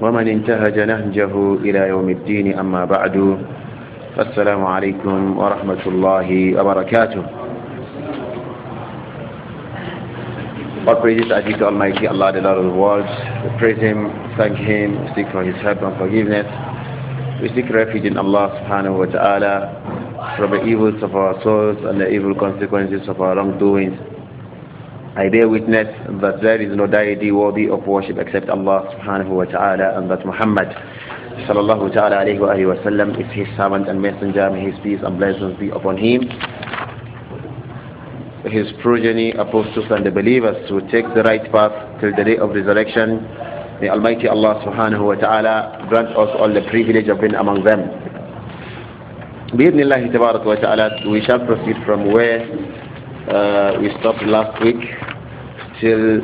ومن انتهج نهجه إلى يوم الدين أما بعد فَالسَّلَامُ عليكم ورحمة الله وبركاته All praises are due to Almighty Allah, the Lord of the Worlds. We praise Him, thank Him, seek for His help and forgiveness. We seek refuge in Allah subhanahu wa ta'ala from the evils of our souls and the evil consequences of our wrongdoings. I bear witness that there is no deity worthy of worship except Allah subhanahu wa ta'ala and that Muhammad sallallahu ta'ala alayhi wa wa sallam is his servant and messenger. May his peace and blessings be upon him, his progeny, apostles and the believers who take the right path till the day of resurrection. May Almighty Allah subhanahu wa ta'ala grant us all the privilege of being among them. بإذن الله تبارك وتعالى we shall proceed from where uh, we stopped last week still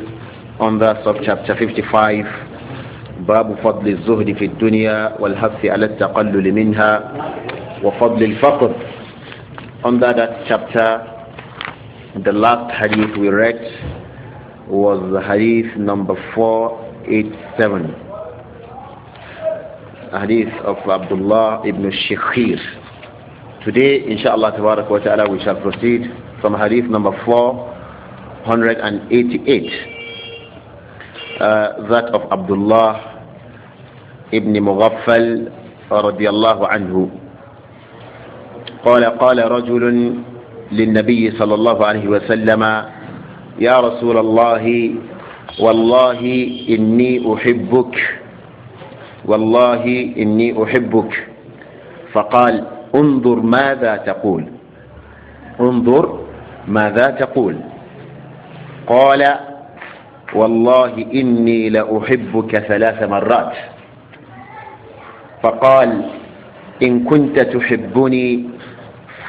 under sub chapter 55 باب فضل الزهد في الدنيا والحث على التقلل منها وفضل الفقر under that chapter the last hadith we read was hadith number 487 hadith of Abdullah ibn Shikhir today inshallah tabarak wa ta'ala we shall proceed from hadith number 4 188, uh, that of Abdullah ibn Mughaffal رضي الله عنه قال قال رجل للنبي صلى الله عليه وسلم يا رسول الله والله إني أحبك والله إني أحبك فقال انظر ماذا تقول انظر ماذا تقول قال والله إني لأحبك ثلاث مرات فقال إن كنت تحبني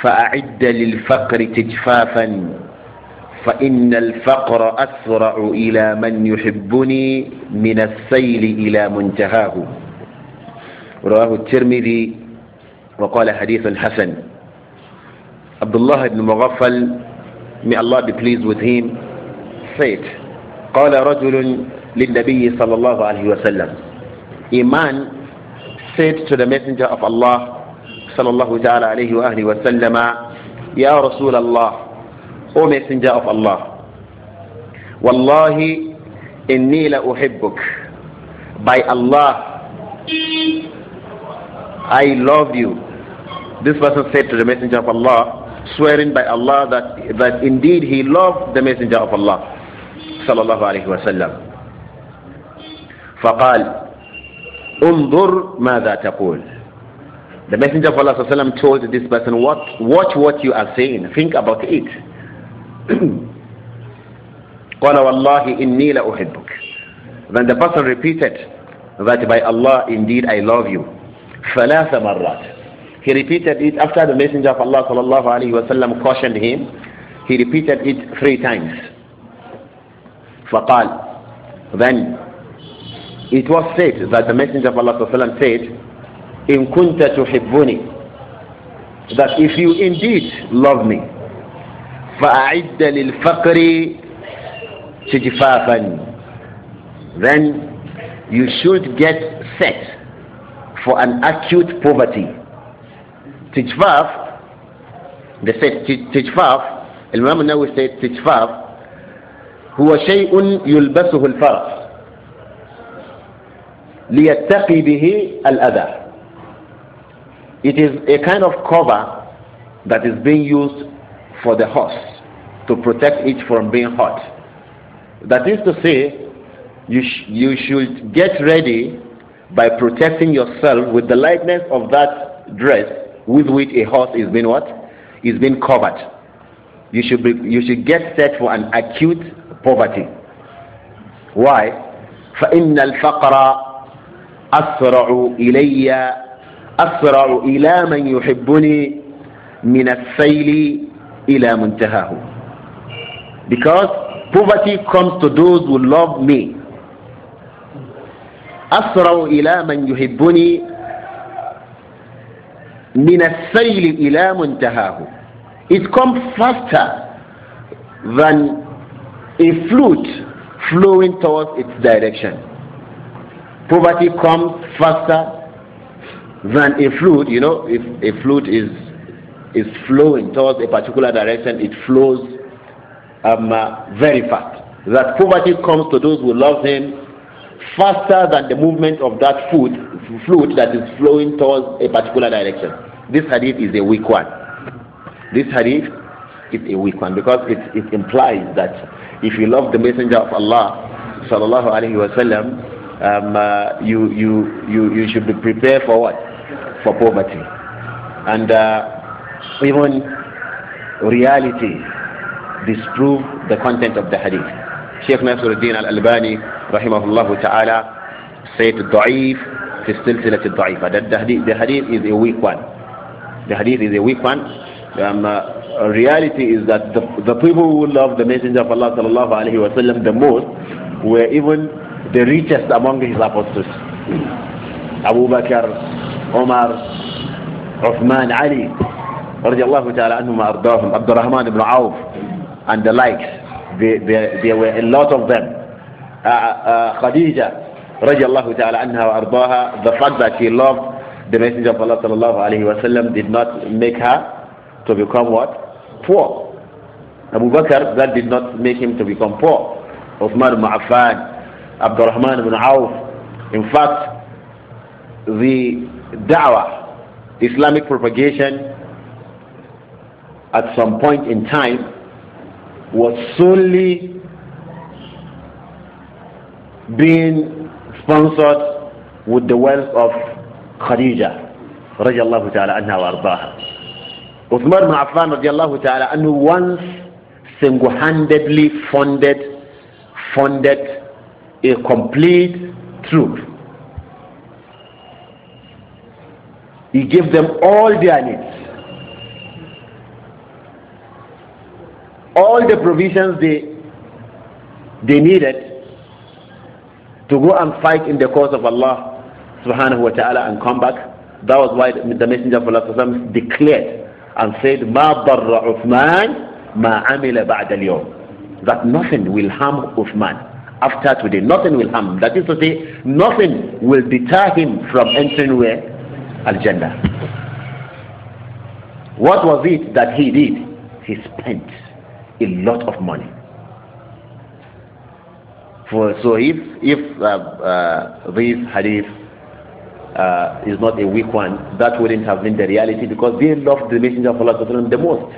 فأعد للفقر تجفافا فإن الفقر أسرع إلى من يحبني من السيل إلى منتهاه رواه الترمذي وقال حديث حسن عبد الله بن مغفل may Allah be pleased with him said, قال رجل للنبي صلى الله عليه وسلم. A man said to the messenger of Allah صلى الله تعالى عليه وآله وسلم يا رسول الله O messenger of Allah والله إني لأحبك By Allah I love you This person said to the messenger of Allah swearing by Allah that, that indeed he loved the messenger of Allah صلى الله عليه وسلم فقال انظر ماذا تقول The Messenger of Allah told this person watch what you are saying think about it قال والله إني Then the person repeated that by Allah indeed I love you He repeated it after the Messenger of Allah وسلم cautioned him he repeated it three times فقال then it was said that the messenger of Allah said إن كنت تحبني that if you indeed love me فأعد للفقر تجفافا then you should get set for an acute poverty تجفاف they said تجفاف Imam Nawawi said تجفاف هو شيء يلبسه الفرس ليتقي به الأذى It is a kind of cover that is being used for the horse to protect it from being hurt. That is to say, you, sh you should get ready by protecting yourself with the lightness of that dress with which a horse is being what? Is being covered. You should, be, you should get set for an acute poverty. Why? فإن الفقر أسرع إلي أسرع إلى من يحبني من السيل إلى منتهاه because poverty comes to those who love me أسرع إلى من يحبني من السيل إلى منتهاه it comes faster than a flute flowing towards its direction. Poverty comes faster than a flute. You know, if a flute is is flowing towards a particular direction, it flows um, uh, very fast. That poverty comes to those who love Him faster than the movement of that food, flute that is flowing towards a particular direction. This hadith is a weak one. This hadith is a weak one because it, it implies that if you love the messenger of Allah sallallahu alaihi wasallam um, uh, you, you, you, you should be prepared for what? For poverty. And uh, even reality disprove the content of the hadith. Sheikh Nasruddin al-Albani rahimahullah ta'ala said da'if fi silsilat da'ifa the hadith, the hadith is a weak one. The hadith is a weak one. Um, uh, reality is that the, the people who loved the Messenger of Allah sallallahu alaihi wasallam the most were even the richest among his apostles. Abu Bakr, Umar, Uthman, Ali, radiallahu ta'ala anhum ardahum, Abdurrahman ibn Auf, and the likes. There were a lot of them. Uh, uh, uh Khadija, radiallahu ta'ala anha ardaha, the fact that she loved the Messenger of Allah sallallahu alaihi wasallam did not make her to become what? poor. Abu Bakr, that did not make him to become poor. Uthman ibn Affan, Abdurrahman ibn In fact, the da'wah, Islamic propagation, at some point in time, was solely being sponsored with the wealth of Khadija, radiallahu الله تعالى عنها ardaha. Uthman ibn Affan radiallahu ta'ala and once single-handedly funded funded a complete troop. He gave them all their needs. All the provisions they they needed to go and fight in the cause of Allah subhanahu wa ta'ala and come back. That was why the Messenger of Allah declared and said, ما ضر عثمان ما عمل بعد اليوم. That nothing will harm Uthman after today. Nothing will harm. That is to say, nothing will deter him from entering where? Al-Jannah. What was it that he did? He spent a lot of money. For, so if, if uh, uh, this hadith uh, is not a weak one, that wouldn't have been the reality because they loved the Messenger of Allah the most.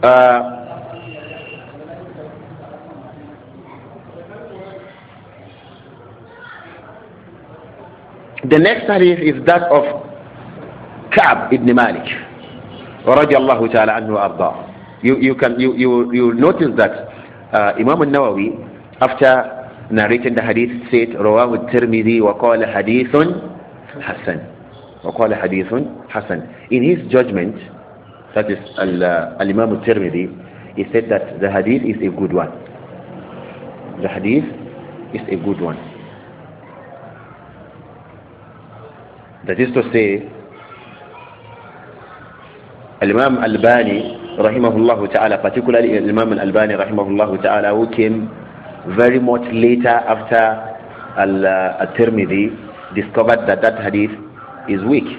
Uh, the next hadith is that of Ka'b ibn Malik You, you, can, you, you, you notice that uh, Imam al-Nawawi after narrating the hadith said Rawahu Tirmidhi wa qala hadithun hasan Wa qala hadithun hasan In his judgment, that is Al-Imam Tirmidhi, he said that the hadith is a good one. The hadith is a good one. That is to say, Al-Imam Al-Bani, rahimahullah ta'ala, particularly Al-Imam Al-Albani, rahimahullah ta'ala, who came very much later after Al-Tirmidhi uh, discovered that that hadith is weak.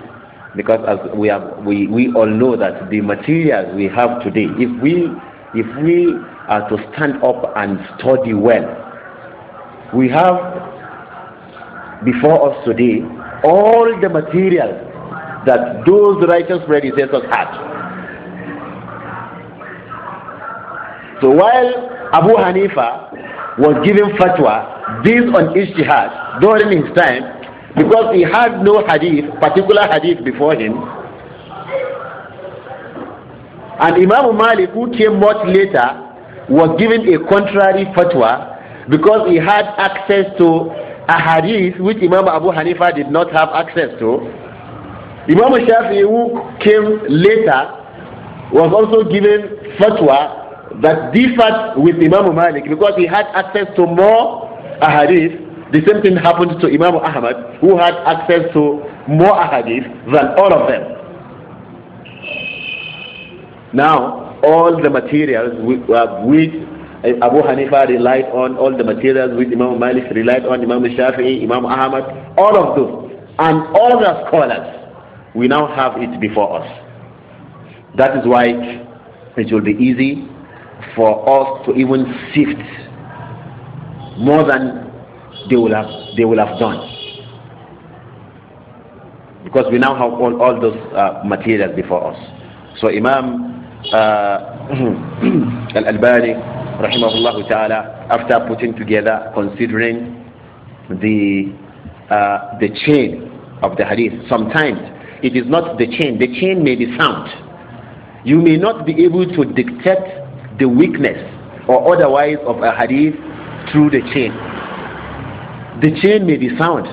Because as we, have, we, we all know that the materials we have today, if we, if we are to stand up and study well, we have before us today all the materials that those righteous predecessors had. So while Abu Hanifa was giving fatwa based on ijtihad during his time because he had no hadith, particular hadith before him. And Imam Malik, who came much later, was given a contrary fatwa because he had access to a hadith which Imam Abu Hanifa did not have access to. Imam Shafi'i, who came later, was also given fatwa that differed with Imam Malik because he had access to more ahadith. The same thing happened to Imam Ahmad who had access to more ahadith than all of them. Now, all the materials uh, which Abu Hanifa relied on, all the materials which Imam Malik relied on, Imam Shafi'i, Imam Ahmad, all of those, and all the scholars, we now have it before us. That is why it will be easy for us to even sift more than they will have, they will have done. Because we now have all, all those uh, materials before us. So Imam uh, Al-Albani, rahimahullah ta'ala, after putting together, considering the, uh, the chain of the hadith, sometimes it is not the chain. The chain may be sound. You may not be able to dictate the weakness or otherwise of a hadith through the chain. The chain may be sound.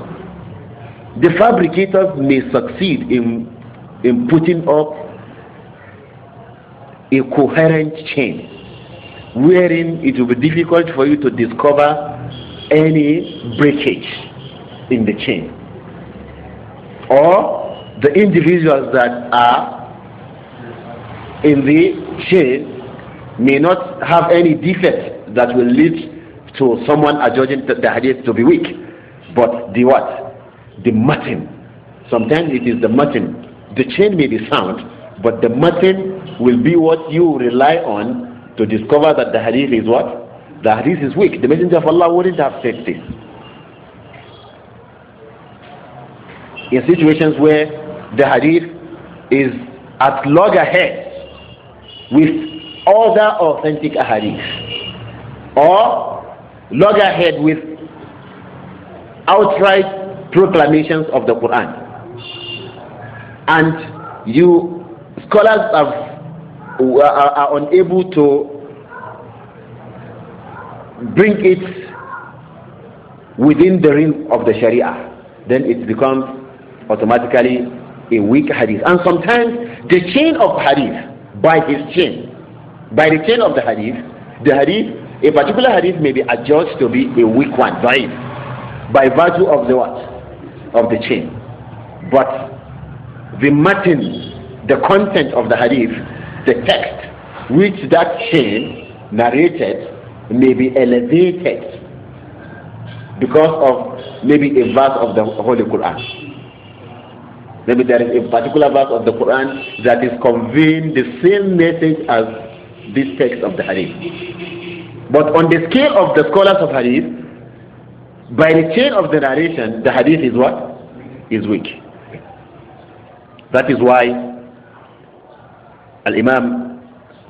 The fabricators may succeed in, in putting up a coherent chain wherein it will be difficult for you to discover any breakage in the chain. Or the individuals that are in the chain may not have any defect that will lead to someone adjudging the hadith to be weak. But the what? The matin. Sometimes it is the matin. The chain may be sound, but the matin will be what you rely on to discover that the hadith is what? The hadith is weak. The Messenger of Allah wouldn't have said this. In situations where the hadith is at loggerheads with other authentic ahadith or loggerhead with outright proclamations of the Quran. And you scholars have, are, uh, uh, are unable to bring it within the realm of the Sharia, then it becomes automatically a weak hadith. And sometimes the chain of hadith by his chain by the tail of the hadith, the hadith, a particular hadith may be adjudged to be a weak one, By virtue of the what? Of the chain. But the matin, the content of the hadith, the text which that chain narrated may be elevated because of maybe a verse of the Holy Quran. Maybe there is a particular verse of the Quran that is conveying the same message as this text of the hadith. But on the scale of the scholars of hadith, by the chain of the narration, the hadith is what? Is weak. That is why Al Imam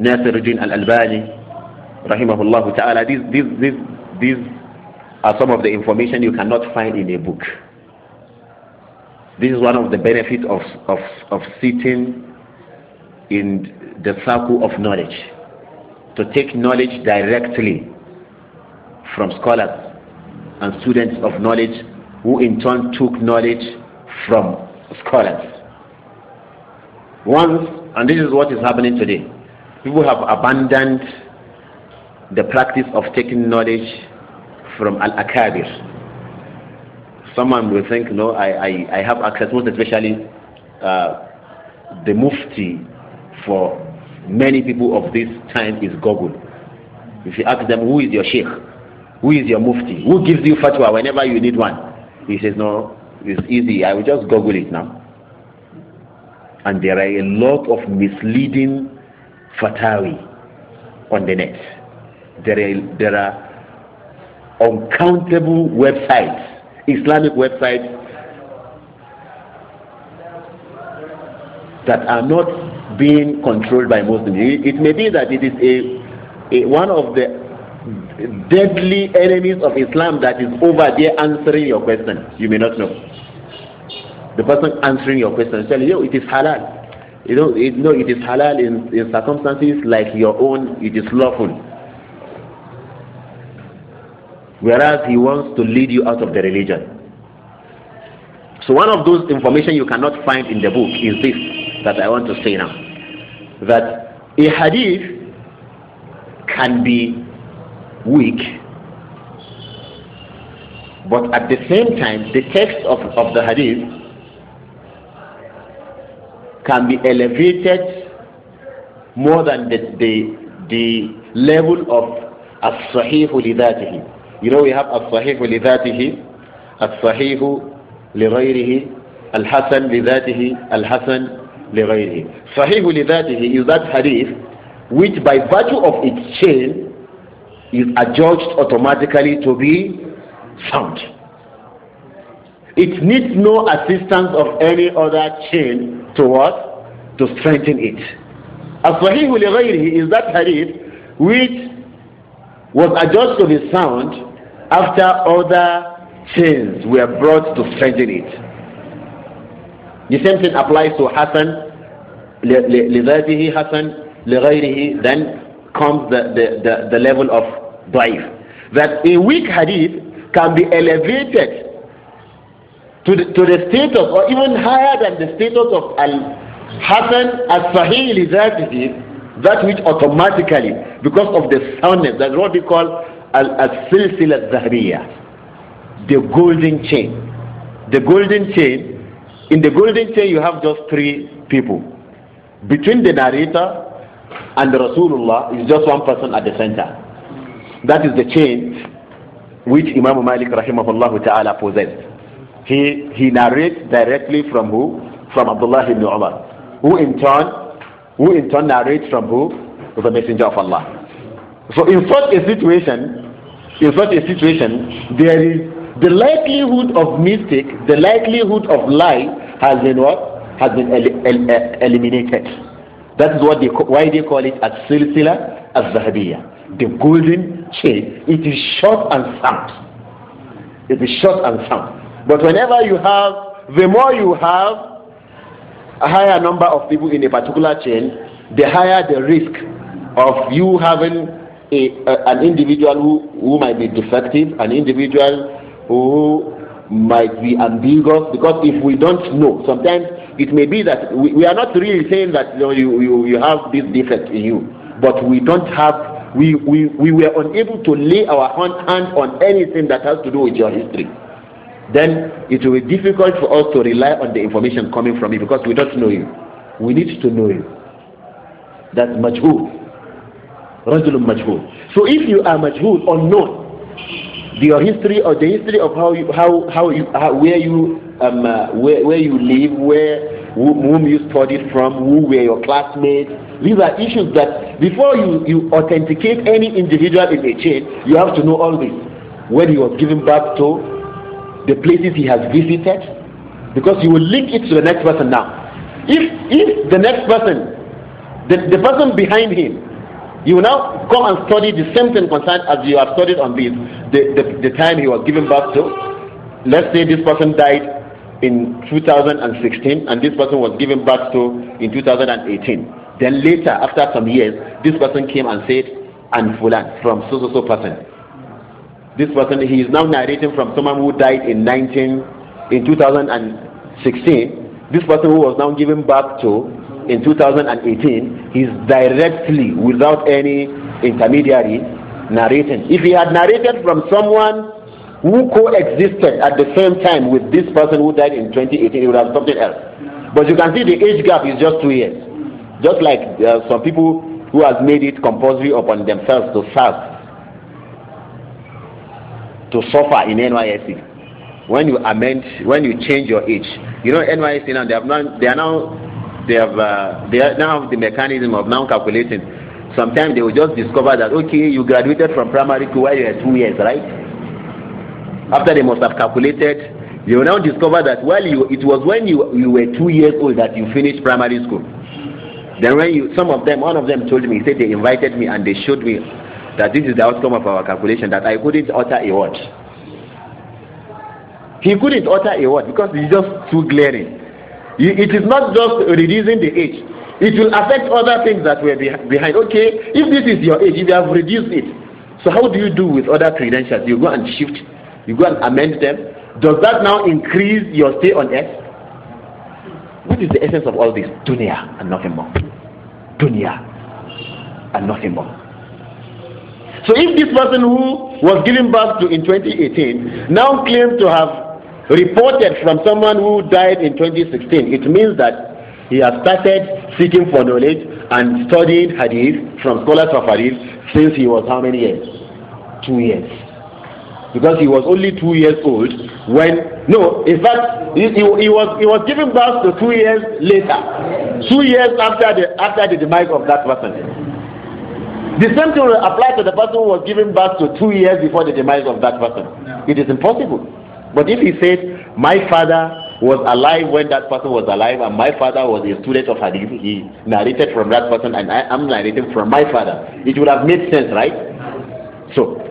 Nasiruddin Al Albani, rahimahullah ta'ala, these, these, these, these are some of the information you cannot find in a book. This is one of the benefits of, of, of sitting in the circle of knowledge to take knowledge directly from scholars and students of knowledge who in turn took knowledge from scholars. Once, and this is what is happening today, people have abandoned the practice of taking knowledge from Al-Akabir. Someone will think, no, I, I, I have access, most especially uh, the Mufti for many people of this time is Google. If you ask them, who is your sheikh? Who is your mufti? Who gives you fatwa whenever you need one? He says, no, it's easy. I will just Google it now. And there are a lot of misleading fatawi on the net. There are, there are uncountable websites, Islamic websites, that are not being controlled by Muslims. It, may be that it is a, a one of the deadly enemies of Islam that is over there answering your question. You may not know. The person answering your question is telling you, it is halal. You know, it, no, it is halal in, in circumstances like your own, it is lawful. Whereas he wants to lead you out of the religion. So one of those information you cannot find in the book is this that I want to say now. that a hadith can be weak but at the same time the text of, of the hadith can be elevated more than the, the, the level of as-sahih li you know we have as-sahih li dhatihi as-sahih li ghayrihi al-hasan li dhatihi al-hasan لغيره صحيح لذاته is that hadith which by virtue of its chain is adjudged automatically to be sound. It needs no assistance of any other chain to what? To strengthen it. الصحيح لغيره is that hadith which was adjudged to be sound after other chains were brought to strengthen it. The same thing applies to Hassan, لذاته Hassan, لغيره, then comes the, the, the, the level of da'if. That a weak hadith can be elevated to the, to the status or even higher than the status of al-Hassan as-Sahih لذاته, that which automatically, because of the soundness, that's what we call al-silsil al-zahriyah, the golden chain. The golden chain in the golden chain, you have just three people. Between the narrator and the Rasulullah is just one person at the center. That is the chain which Imam Malik rahimahullah ta'ala possessed. He, he narrates directly from who? From Abdullah ibn Umar. Who in turn, who in turn narrates from who? The Messenger of Allah. So in such a situation, in such a situation, there is the likelihood of mistake, the likelihood of lie has been what? Has been el el eliminated. That is what they why they call it as silsila as zahabiya, the golden chain. It is short and sound. It is short and sound. But whenever you have, the more you have a higher number of people in a particular chain, the higher the risk of you having a, a, an individual who, who might be defective, an individual who might be ambiguous because if we don't know, sometimes it may be that we, we are not really saying that you, know, you, you, you have this defect in you, but we don't have, we, we, we were unable to lay our hand on anything that has to do with your history. Then it will be difficult for us to rely on the information coming from you because we don't know you. We need to know you. That's majhul. رجل majhul. So if you are majhul, unknown, your history or the history of how you, how, how, you, how where you um, uh, where, where you live, where whom you studied from, who were your classmates. These are issues that before you, you authenticate any individual in a chain, you have to know all this. Where he was given birth to, the places he has visited, because you will link it to the next person now. If if the next person, the, the person behind him, you will now come and study the same thing concerned as you have studied on this the, the, the time he was given birth to, let's say this person died in 2016 and this person was given birth to in 2018. Then later, after some years, this person came and said, and Fulan from so so so person. This person, he is now narrating from someone who died in 19, in 2016. This person who was now given birth to in 2018, he's directly, without any intermediary, narrating. If he had narrated from someone who coexisted at the same time with this person who died in 2018, it would have something else. But you can see the age gap is just two years. Just like uh, some people who has made it compulsory upon themselves to serve, to suffer in NYSC. When you amend, when you change your age, you know NYSC now they have now they are now they have uh, they now the mechanism of now calculating Sometimes they will just discover that, okay, you graduated from primary school where you were two years, right? After they must have calculated, they will now discover that, well, you, it was when you, you were two years old that you finished primary school. Then when you, some of them, one of them told me, he said they invited me and they showed me that this is the outcome of our calculation, that I couldn't utter a word. He couldn't utter a word because it's just too glaring. It is not just reducing the age. it will affect other things that were behind. Okay, if this is your age, if you have reduced it, so how do you do with other credentials? You go and shift, you go and amend them. Does that now increase your stay on earth? What is the essence of all this? Dunya and nothing more. Dunya and nothing more. So if this person who was given birth to in 2018 now claims to have reported from someone who died in 2016, it means that he has started seeking for knowledge and studying hadith from scholars of hadith since he was how many years? Two years. Because he was only two years old when no, in fact, he, he, he was he was given birth to two years later, two years after the after the demise of that person. The same thing will apply to the person who was given birth to two years before the demise of that person. It is impossible. But if he said, "My father was alive when that person was alive, and my father was a student of hadith. He narrated from that person, and I am narrating from my father. It would have made sense, right? So,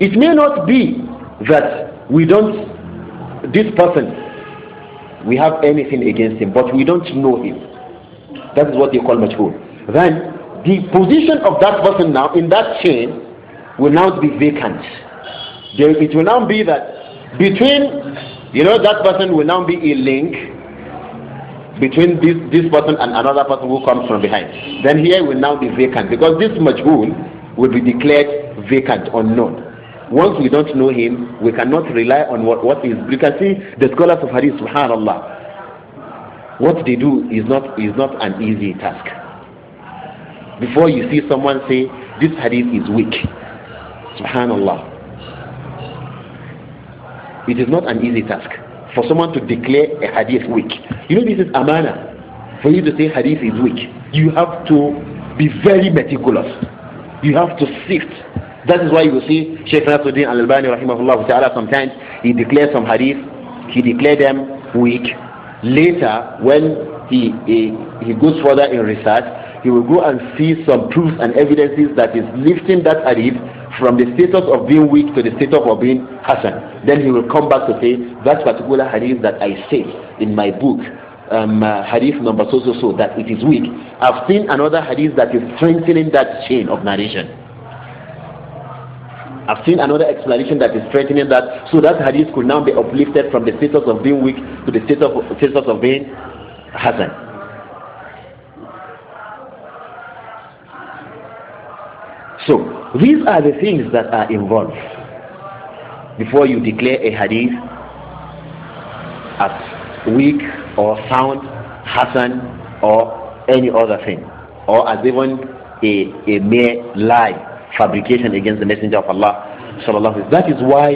it may not be that we don't, this person, we have anything against him, but we don't know him. That is what they call majhul. Then, the position of that person now in that chain will now be vacant. It will now be that between you know, that person will now be a link between this, this person and another person who comes from behind. Then here will now be vacant because this majhul will be declared vacant, unknown. Once we don't know him, we cannot rely on what, what is. You can see the scholars of Hadith, subhanAllah, what they do is not, is not an easy task. Before you see someone say, this Hadith is weak, subhanAllah it is not an easy task for someone to declare a hadith weak. You know, this is amana. For you to say hadith is weak, you have to be very meticulous. You have to sift. That is why you see Sheikh Nasruddin Al Albani, rahimahullah ta'ala, sometimes he declares some hadith, he declares them weak. Later, when he, he, he goes further in research, he will go and see some proofs and evidences that is lifting that hadith from the status of being weak to the status of being Then he will come back to say, that particular hadith that I say in my book, um, uh, hadith number so so so, that it is weak. I've seen another hadith that is strengthening that chain of narration. I've seen another explanation that is strengthening that. So that hadith could now be uplifted from the status of being weak to the status of, status of being Hasan. So these are the things that are involved. before you declare a hadith as weak or sound, hasan, or any other thing, or as even a, a mere lie, fabrication against the Messenger of Allah. Sallallahu that is why,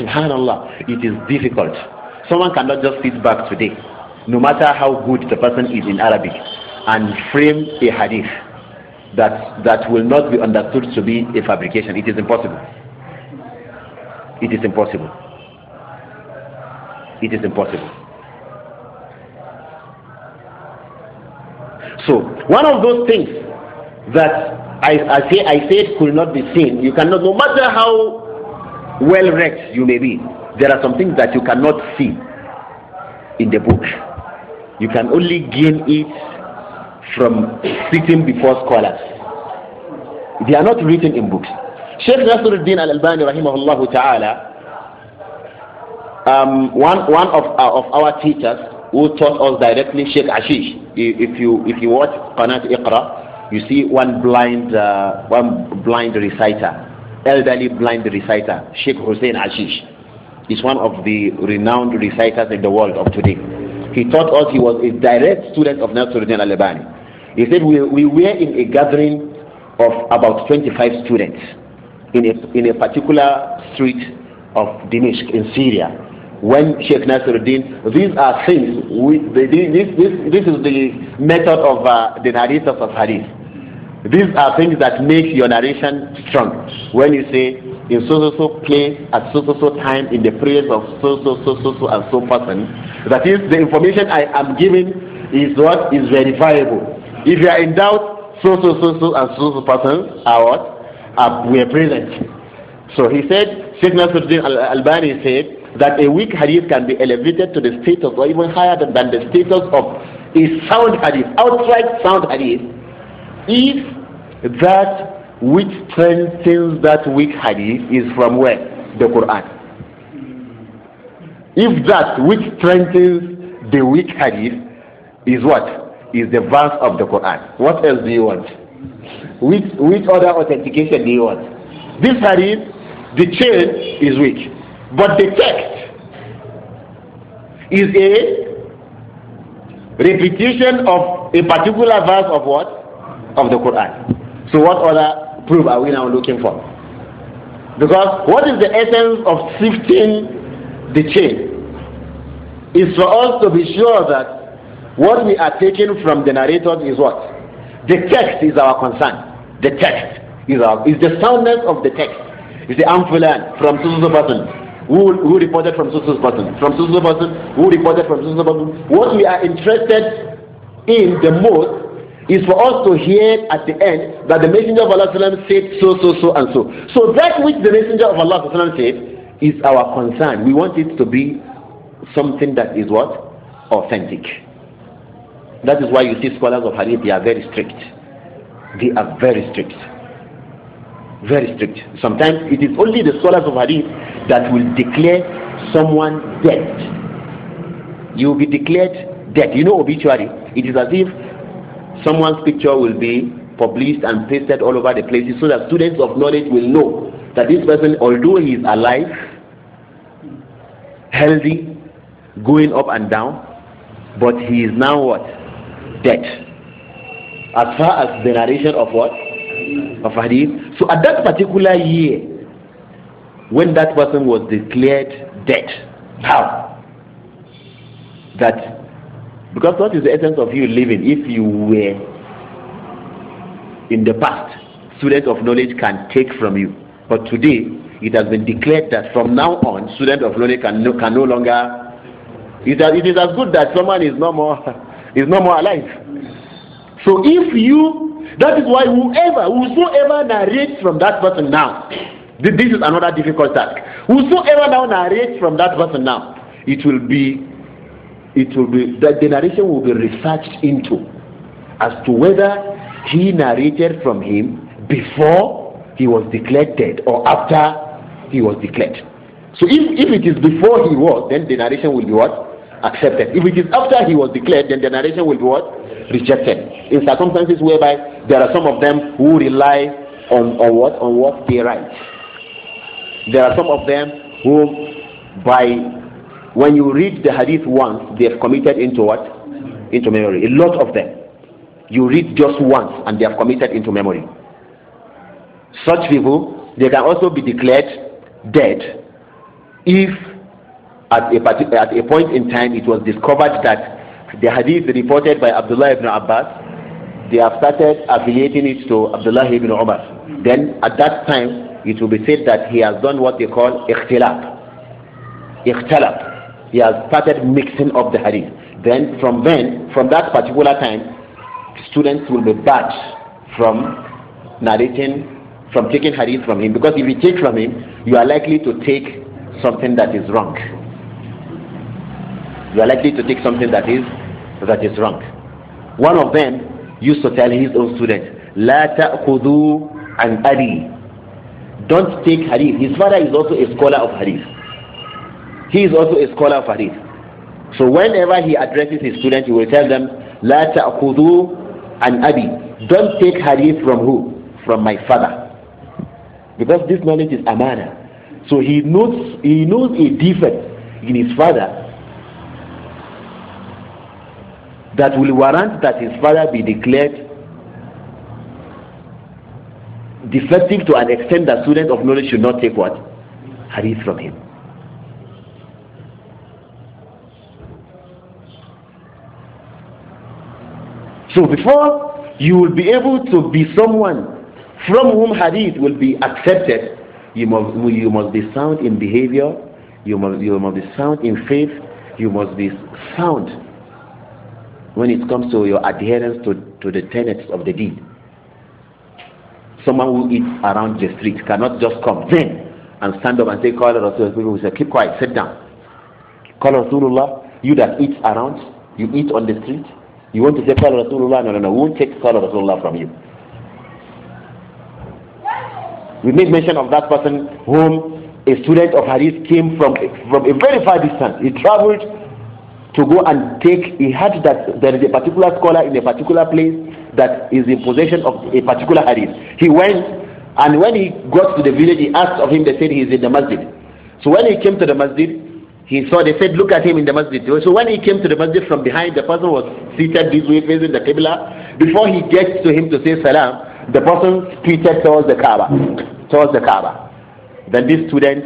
subhanAllah, it is difficult. Someone cannot just sit back today, no matter how good the person is in Arabic, and frame a hadith that, that will not be understood to be a fabrication. It is impossible it is impossible it is impossible. So one of those things that I, I say I said could not be seen. You cannot, no matter how well read you may be, there are some things that you cannot see in the book. You can only gain it from sitting before scholars. They are not written in books. Sheikh Nasiruddin al-Albani rahimahullah ta'ala, um, one, one of, uh, of our teachers who taught us directly, Sheikh Ashish, if you, if you watch Qanat Iqra, you see one blind, uh, one blind reciter, elderly blind reciter, Sheikh Hussein Ashish. is one of the renowned reciters in the world of today. He taught us he was a direct student of Nasiruddin al-Albani. He said we, we were in a gathering of about 25 students in a, in a particular street of Dimishq in Syria. When Sheikh Nasruddin, these are things, we, the, this, this, this is the method of uh, the narrators of hadith. These are things that make your narration strong. When you say, in so so so place at so so so time in the praise of so so so so so and so person, that is, the information I am giving is what is verifiable. If you are in doubt, so so so so and so so person are what? uh, were present. So he said, Sheikh Nasruddin al-Albani said that a weak hadith can be elevated to the status or even higher than, than the status of a sound hadith, outright sound hadith, if that which strengthens that weak hadith is from where? The Quran. If that which strengthens the weak hadith is what? Is the verse of the Quran. What else do you want? Which, which other authentication do you want? This hadith, the chain is weak. But the text is a repetition of a particular verse of what? Of the Quran. So what other proof are we now looking for? Because what is the essence of sifting the chain? Is for us to be sure that what we are taking from the narrators is what? The text is our concern. the text is, is the soundness of the text. It's the i from Susu person. Who, who reported from Susu person? From Susu person? Who reported from Susu person? What we are interested in the most is for us to hear at the end that the Messenger of Allah said so, so, so, and so. So that which the Messenger of Allah said is our concern. We want it to be something that is what? Authentic. That is why you see scholars of Hadith, they are very strict they are very strict. Very strict. Sometimes it is only the scholars of hadith that will declare someone dead. You will be declared dead. You know obituary. It is as if someone's picture will be published and pasted all over the place so that students of knowledge will know that this person, although he is alive, healthy, going up and down, but he is now what? Dead as far as the narration of what? Of hadith. So at that particular year, when that person was declared dead, how? That because what is the essence of you living if you were in the past? Student of knowledge can take from you. But today, it has been declared that from now on, student of knowledge can no, can no longer. It, it is as good that someone is no more is no more alive so if you, that is why whoever, whosoever narrates from that person now, this is another difficult task. Whosoever now narrates from that person now, it will be, it will be, that the narration will be researched into as to whether he narrated from him before he was declared dead or after he was declared. So if, if it is before he was, then the narration will be what? Accepted. If it is after he was declared, then the narration will be what? Rejected. in circumstances whereby there are some of them who rely on, on what on what they write. There are some of them who by when you read the hadith once they have committed into what? Into memory. A lot of them. You read just once and they have committed into memory. Such people they can also be declared dead if at a, at a point in time it was discovered that the hadith reported by Abdullah ibn Abbas they have started affiliating it to Abdullah ibn Umar. Then at that time, it will be said that he has done what they call ikhtilaf. Ikhtilaf. He has started mixing up the hadith. Then from then, from that particular time, students will be barred from narrating, from taking hadith from him. Because if you take from him, you are likely to take something that is wrong. You are likely to take something that is that is wrong. One of them used to tell his own students, La ta'khudhu and adi. Don't take hadith. His father is also a scholar of hadith. He is also a scholar of hadith. So whenever he addresses his students, he will tell them, La ta'khudhu and adi. Don't take hadith from who? From my father. Because this knowledge is amana. So he knows, he knows a defect in his father that will warrant that his father be declared defective to an extent that students of knowledge should not take what? Hadith from him. So before you will be able to be someone from whom hadith will be accepted, you must, you must be sound in behavior, you must, you must be sound in faith, you must be sound when it comes to your adherence to, to the tenets of the deed. Someone who eats around the street cannot just come then and stand up and say, Call Rasulullah. People will say, Keep quiet, sit down. Call Rasulullah. You that eats around, you eat on the street. You want to say, Call Rasulullah. No, no, no. We won't take Call Rasulullah from you. We made mention of that person whom a student of Hadith came from, from a very far distance. He traveled to go and take a hadith that there is a particular scholar in a particular place that is in possession of a particular hadith. He went and when he got to the village, he asked of him, they said he is in the masjid. So when he came to the masjid, he saw, they said, look at him in the masjid. So when he came to the masjid from behind, the person was seated this way facing the Qibla. Before he gets to him to say salam, the person treated towards the Kaaba, towards the Kaaba. Then this student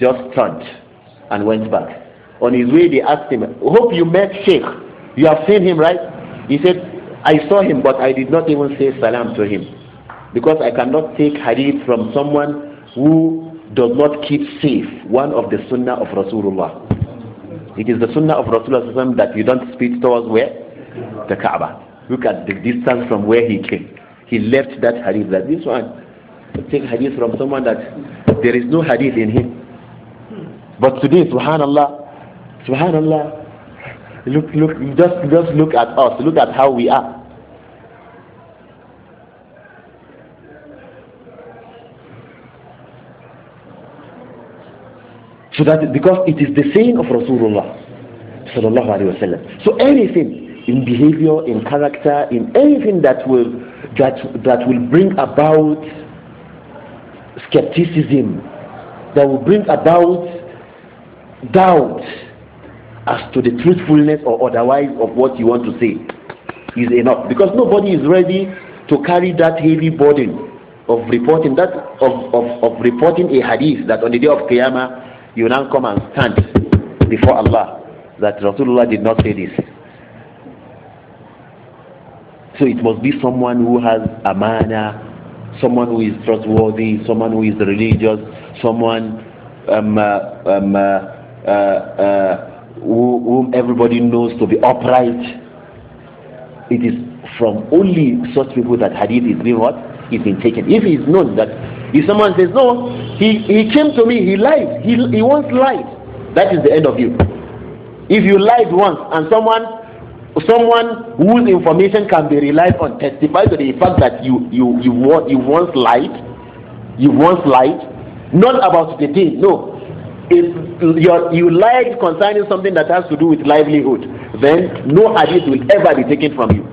just turned and went back. On his way, they asked him, Hope you met Sheikh. You have seen him, right? He said, I saw him, but I did not even say salam to him. Because I cannot take hadith from someone who does not keep safe one of the sunnah of Rasulullah. It is the sunnah of Rasulullah that you don't speak towards where? The Kaaba. Look at the distance from where he came. He left that hadith. That this one, take hadith from someone that there is no hadith in him. But today, subhanallah, Subhanallah. Look, look, just, just look at us. Look at how we are. So that because it is the saying of Rasulullah sallallahu alaihi wasallam. So anything in behavior, in character, in anything that will that that will bring about skepticism, that will bring about doubt as to the truthfulness or otherwise of what you want to say is enough because nobody is ready to carry that heavy burden of reporting that of, of, of reporting a hadith that on the day of Qiyamah you now come and stand before Allah that Rasulullah did not say this. So it must be someone who has amana, someone who is trustworthy, someone who is religious, someone um, uh, um, uh, uh, uh whom everybody knows to be upright. It is from only such people that hadith is being what is being taken. If it is known that if someone says no, he, he came to me, he lied, he, he once lied. That is the end of you. If you lied once and someone someone whose information can be relied on testifies to the fact that you you you, you once lied, you once lied, not about the thing, no, is your, you lied concerning something that has to do with livelihood, then no hadith will ever be taken from you.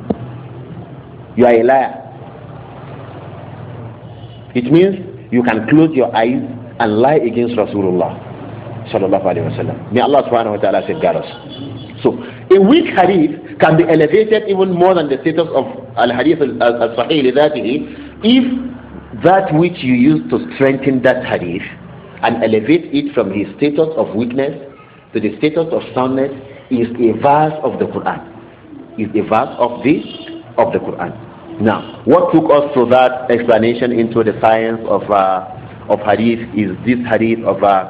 You are a liar. It means you can close your eyes and lie against Rasulullah. May Allah subhanahu wa ta'ala safeguard us. So, a weak hadith can be elevated even more than the status of al hadith al sahih if that which you use to strengthen that hadith and elevate it from his status of weakness to the status of soundness is a verse of the Quran. Is a verse of the of the Quran. Now, what took us to that explanation into the science of uh, of hadith is this hadith of uh,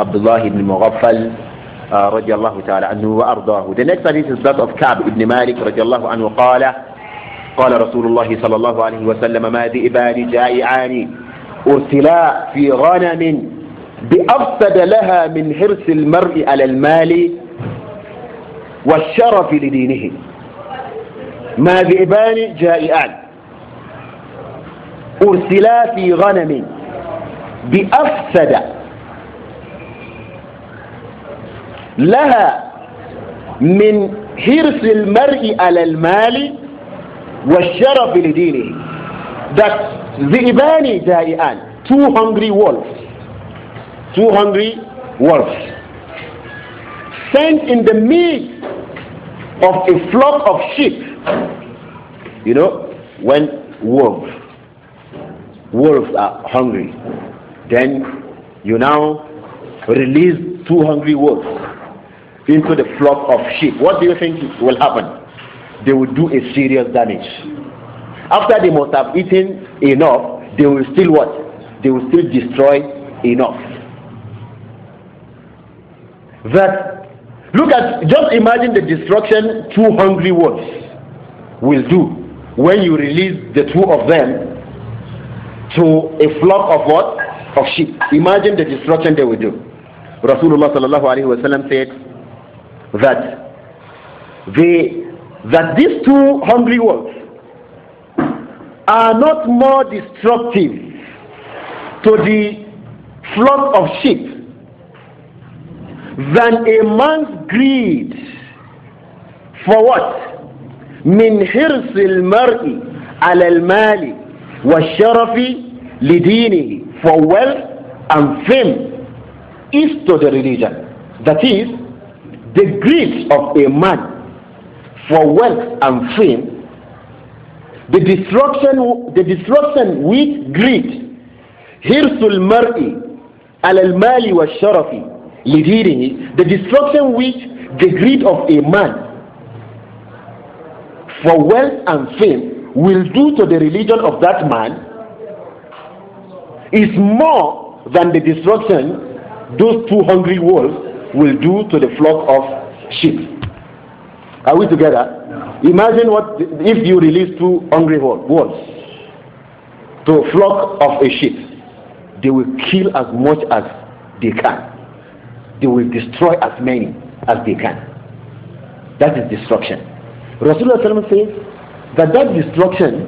Abdullah ibn Mughaffal uh, رضي الله تعالى عنه وأرضاه. The next hadith is that of Ka'b ibn Malik رضي الله عنه قال قال رسول الله صلى الله عليه وسلم ما ذئبان جائعان أرسلا في غنم بأفسد لها من حرص المرء على المال والشرف لدينه ما ذئبان جائعان أرسلا في غنم بأفسد لها من حرص المرء على المال والشرف لدينه ذئبان جائعان two hungry wolves 200 hungry, wolves. Sent in the midst of a flock of sheep. You know, when wolves, wolves are hungry, then you now release two hungry wolves into the flock of sheep. What do you think will happen? They will do a serious damage. After they must have eaten enough, they will still what? They will still destroy enough that look at just imagine the destruction two hungry wolves will do when you release the two of them to a flock of what of sheep imagine the destruction they will do rasulullah sallallahu alaihi wasallam said that they that these two hungry wolves are not more destructive to the flock of sheep than a man's greed for what? من حرص المرء على المال والشرف لدينه for wealth and fame is to the religion. That is, the greed of a man for wealth and fame, the destruction, the destruction with greed, hirsul mar'i al mali wa sharafi لغيره the destruction which the greed of a man for wealth and fame will do to the religion of that man is more than the destruction those two hungry wolves will do to the flock of sheep. Are we together? Imagine what if you release two hungry wolves to a flock of a sheep. They will kill as much as they can. they will destroy as many as they can. That is destruction. Rasulullah says that that destruction,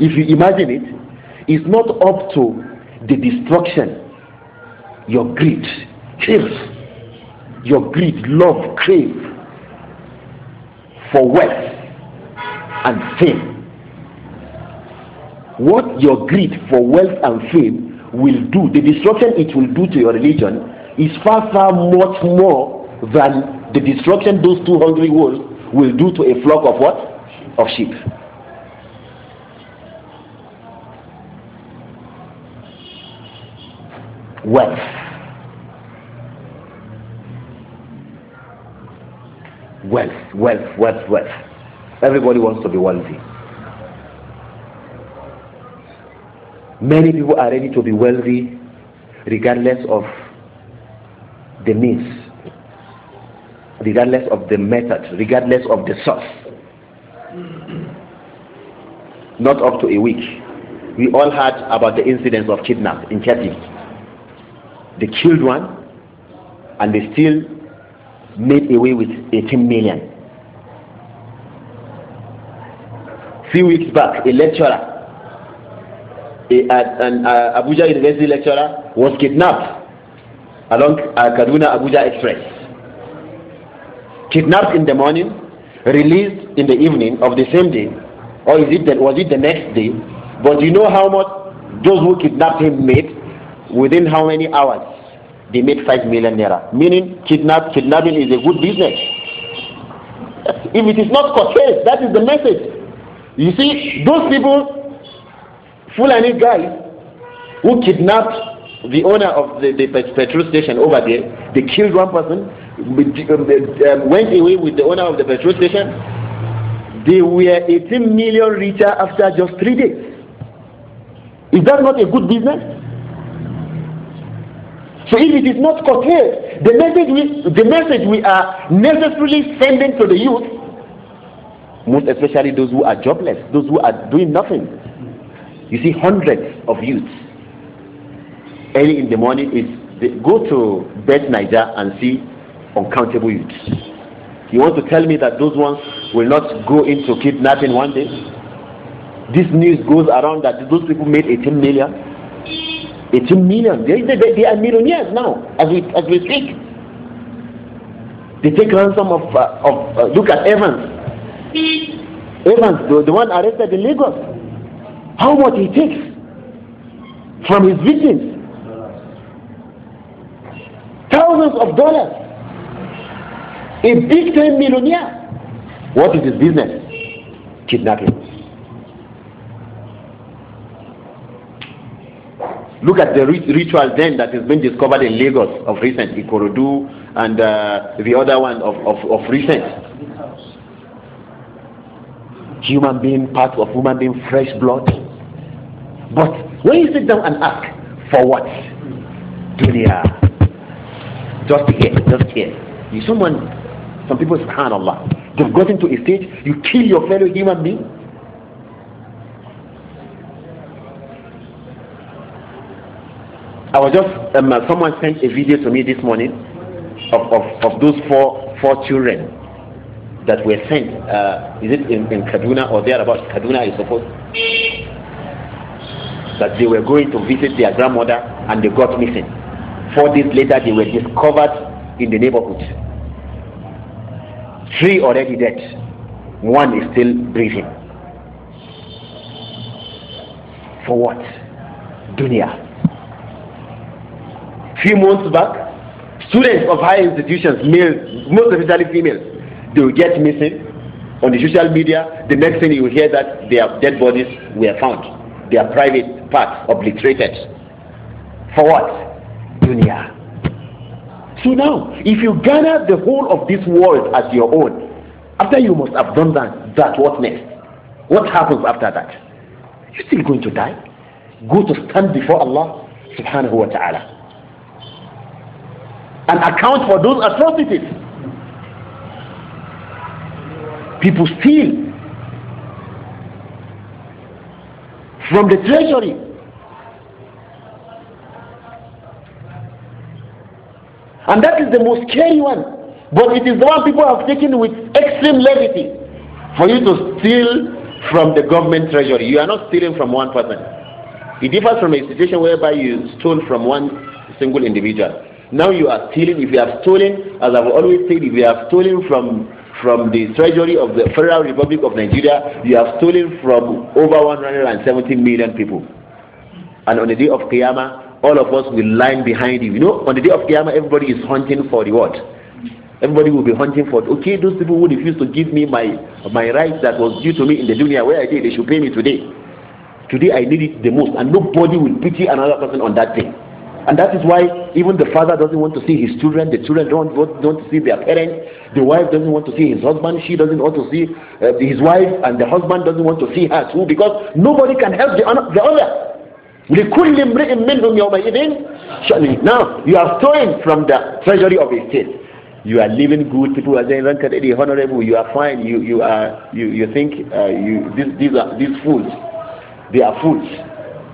if you imagine it, is not up to the destruction your greed kills, your greed, love, crave for wealth and fame. What your greed for wealth and fame will do, the destruction it will do to your religion is far, far much more than the destruction those two hungry wolves will do to a flock of what? Of sheep. Wealth. Wealth, wealth, wealth, wealth. Everybody wants to be wealthy. Many people are ready to be wealthy regardless of the means, regardless of the method, regardless of the source. Not up to a week. We all heard about the incidents of kidnapping in captivity. They killed one and they still made away with 18 million. Few weeks back, a lecturer, a, an uh, Abuja University lecturer, was kidnapped along uh, Kaduna Abuja Express. Kidnapped in the morning, released in the evening of the same day, or is it the, was it the next day? But you know how much those who kidnapped him made? Within how many hours? They made 5 million naira. Meaning, kidnap, kidnapping is a good business. if it is not curtailed, that is the message. You see, those people, Fulani guys, who kidnapped the owner of the, the petrol station over there, they killed one person, um, um, went away with the owner of the petrol station. They were 18 million richer after just three days. Is that not a good business? So if it is not curtailed, the message we, the message we are necessarily sending to the youth, most especially those who are jobless, those who are doing nothing. You see hundreds of youths early in the morning is the, go to Bet Niger and see uncountable youths. You want to tell me that those ones will not go into kidnapping one day? This news goes around that those people made 18 million. 18 million. They, they, they are millionaires now, as we, as we speak. They take ransom of, uh, of uh, look at Evans. Evans, the, the one arrested in Lagos. How much he takes from his victims thousands of dollars. A big time millionaire. What is his business? Kidnapping. Look at the rit ritual then that has been discovered in Lagos of recent, Ikorodu and uh, the other one of, of, of recent. Human being, part of human being, fresh blood. But when you sit down and ask, for what? Dunya. Just here, just here. You someone, some people, subhanAllah, they've gotten to a stage, you kill your fellow human being. I was just, um, uh, someone sent a video to me this morning of, of, of those four, four children that were sent, uh, is it in, in Kaduna or thereabouts? Kaduna is supposed that they were going to visit their grandmother and they got missing. Four days later, they were discovered in the neighborhood. Three already dead, one is still breathing. For what? Dunya. Few months back, students of high institutions, males, most especially females, they will get missing on the social media. The next thing you hear that their dead bodies were found, their private parts obliterated. For what? dunya. So now, if you gather the whole of this world as your own, after you must have done that, that what next? What happens after that? You're still going to die. Go to stand before Allah subhanahu wa ta'ala and account for those atrocities. People steal from the treasury And that is the most scary one. But it is the one people have taken with extreme levity. For you to steal from the government treasury, you are not stealing from one person. It differs from a situation whereby you stole from one single individual. Now you are stealing. If you have stolen, as I've always said, if you have stolen from from the treasury of the Federal Republic of Nigeria, you have stolen from over 170 million people. And on the day of Qiyamah, all of us will line behind you. You know, on the day of Qiyamah, everybody is hunting for the what? Everybody will be hunting for, okay, those people who refuse to give me my, my rights that was due to me in the dunya where I did, they should pay me today. Today I need it the most, and nobody will pity another person on that day. And that is why even the father doesn't want to see his children, the children don't want, don't see their parents, the wife doesn't want to see his husband, she doesn't want to see uh, his wife, and the husband doesn't want to see her too, because nobody can help the, the other. لكل امرئ منهم يومئذ شأن now you are storing from the treasury of the state you are living good people are saying they are honorable you are fine you you are you you think uh, you these these are these fools they are fools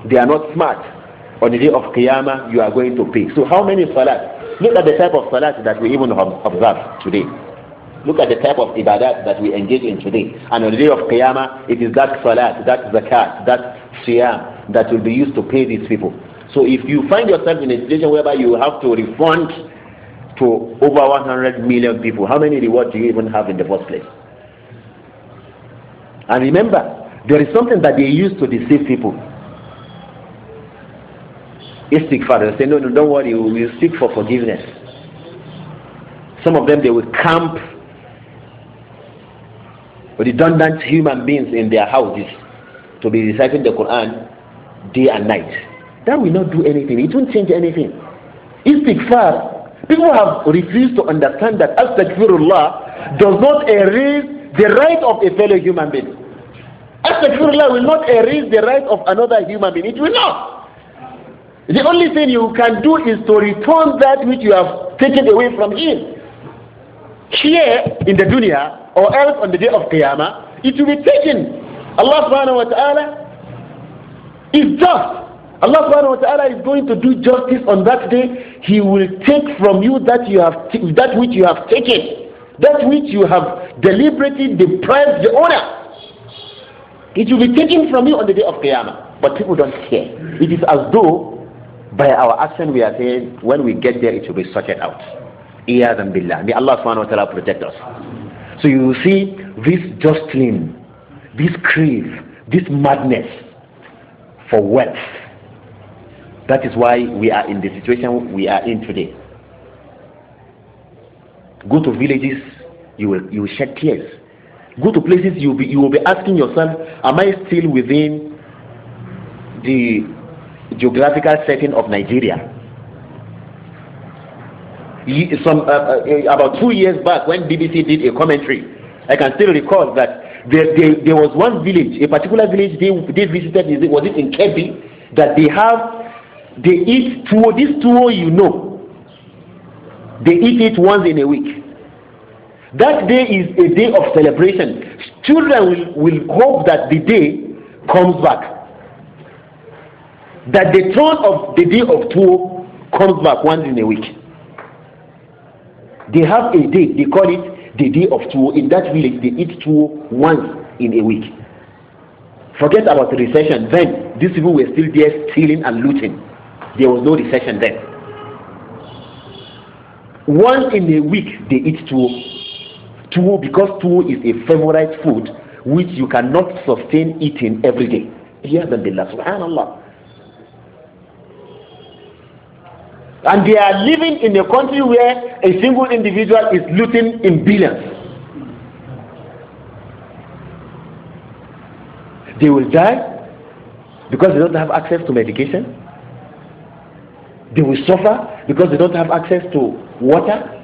they are not smart on the day of qiyamah you are going to pay so how many salat look at the type of salat that we even observe today Look at the type of ibadat that we engage in today. And on the day of Qiyamah, it is that salat, that zakat, that siyam, that will be used to pay these people. So if you find yourself in a situation whereby you have to refund to over 100 million people, how many rewards do you even have in the first place? And remember, there is something that they use to deceive people. Istighfar, they say, no, no, don't worry, we will seek for forgiveness. Some of them, they will camp redundant human beings in their houses to be reciting the Quran day and night. That will not do anything. It won't change anything. Istighfar. People have refused to understand that astaghfirullah does not erase the right of a fellow human being. Astaghfirullah will not erase the right of another human being. It will not. The only thing you can do is to return that which you have taken away from him. Here in the dunya or else on the day of Qiyamah, it will be taken. Allah subhanahu wa ta'ala is just. Allah subhanahu wa ta'ala is going to do justice on that day. He will take from you that you have that which you have taken, that which you have deliberately deprived the owner. It will be taken from you on the day of Qiyamah. But people don't care. It is as though by our action we are saying when we get there it will be sorted out. Iyadam billah. May Allah subhanahu wa ta'ala protect us. So you see this justling, this crave, this madness for wealth. That is why we are in the situation we are in today. Go to villages, you will, you will shed tears. Go to places you will, be, you will be asking yourself, Am I still within the geographical setting of Nigeria? Some, uh, uh, about two years back, when BBC did a commentary, I can still recall that there, there, there was one village, a particular village they, they visited, is it, was it in Kebbi, that they have, they eat tuwo, this tuwo you know, they eat it once in a week. That day is a day of celebration. Children will, will hope that the day comes back. That the throne of the day of tuwo comes back once in a week. They have a day, they call it the day of tuwo in that village they eat tuwo once in a week forget about the recession then these people were still there stealing and looting there was no recession then once in a week they eat tuwo tuwo because tuwo is a favorite food which you cannot sustain eating every day yeah, subhanallah And they are living in a country where a single individual is looting in billions. They will die because they don't have access to medication. They will suffer because they don't have access to water.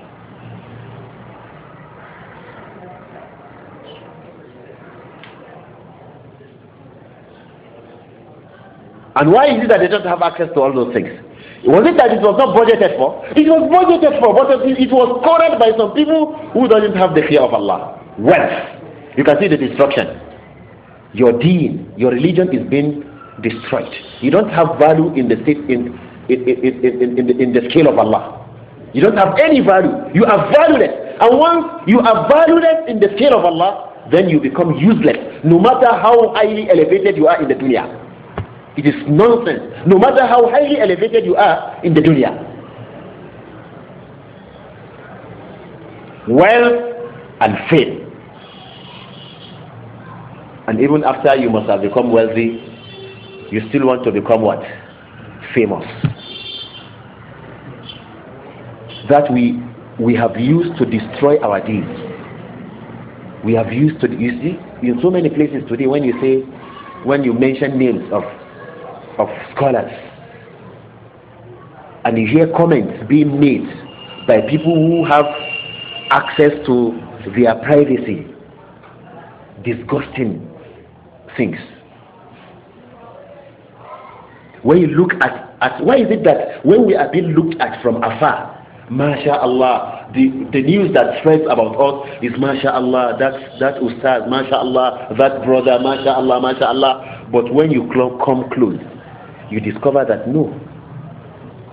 And why is it that they don't have access to all those things? Was it that it was not budgeted for? It was budgeted for, but it was cornered by some people who doesn't have the fear of Allah. Wealth. You can see the destruction. Your deen, your religion is being destroyed. You don't have value in the state, in, in, in, in, the, in the scale of Allah. You don't have any value. You are valueless. And once you are valueless in the scale of Allah, then you become useless, no matter how highly elevated you are in the dunya. It is nonsense. No matter how highly elevated you are in the dunya. Wealth and fame. And even after you must have become wealthy, you still want to become what? Famous. That we we have used to destroy our deeds. We have used to you see in so many places today when you say when you mention names of of scholars. And you hear comments being made by people who have access to their privacy. Disgusting things. When you look at, at why is it that when we are being looked at from afar, MashaAllah, the, the news that spreads about us is MashaAllah, that, that Ustaz, MashaAllah, that brother, MashaAllah, MashaAllah. But when you come close, you discover that no,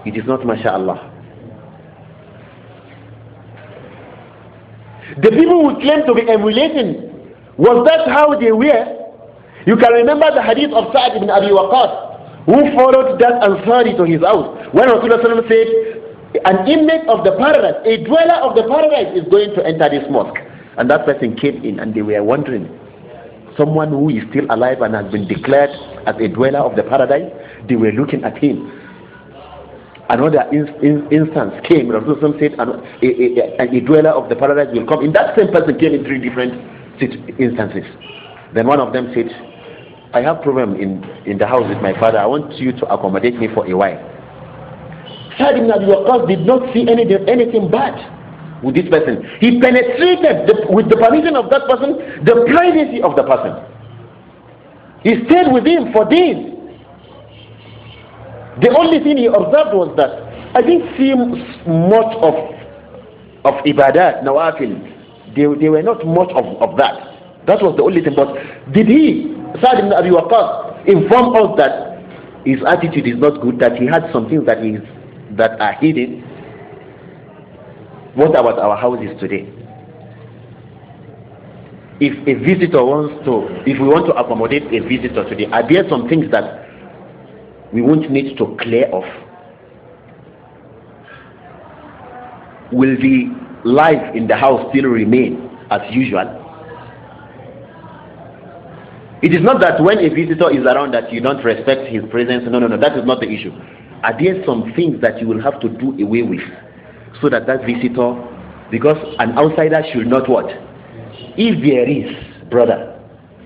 it is not mashallah. The people who claim to be emulating, was that how they were? You can remember the hadith of Sa'd ibn Abi Waqqas, who followed that Ansari to his house. When Rasulullah said, an inmate of the paradise, a dweller of the paradise is going to enter this mosque. And that person came in and they were wondering, someone who is still alive and has been declared as a dweller of the paradise, they were looking at him. Another in, in, instance came, Rasulullah said, an, a, a, a, dweller of the paradise will come. In that same person came in three different instances. Then one of them said, I have problem in, in the house with my father. I want you to accommodate me for a while. Saying that your cause did not see anything, anything bad with this person. He penetrated the, with the permission of that person the privacy of the person. He stayed with him for days. The only thing he observed was that I didn't see much of of ibadat, nawafil. They, they were not much of, of that. That was the only thing. But did he, Sa'd ibn Abi Waqqas, inform us that his attitude is not good, that he had some things that, he, that are hidden? What about our houses today? If a visitor wants to, if we want to accommodate a visitor today, are there some things that we won't need to clear off will the life in the house still remain as usual it is not that when a visitor is around that you don't respect his presence no no no that is not the issue are there some things that you will have to do away with so that that visitor because an outsider should not what if there is brother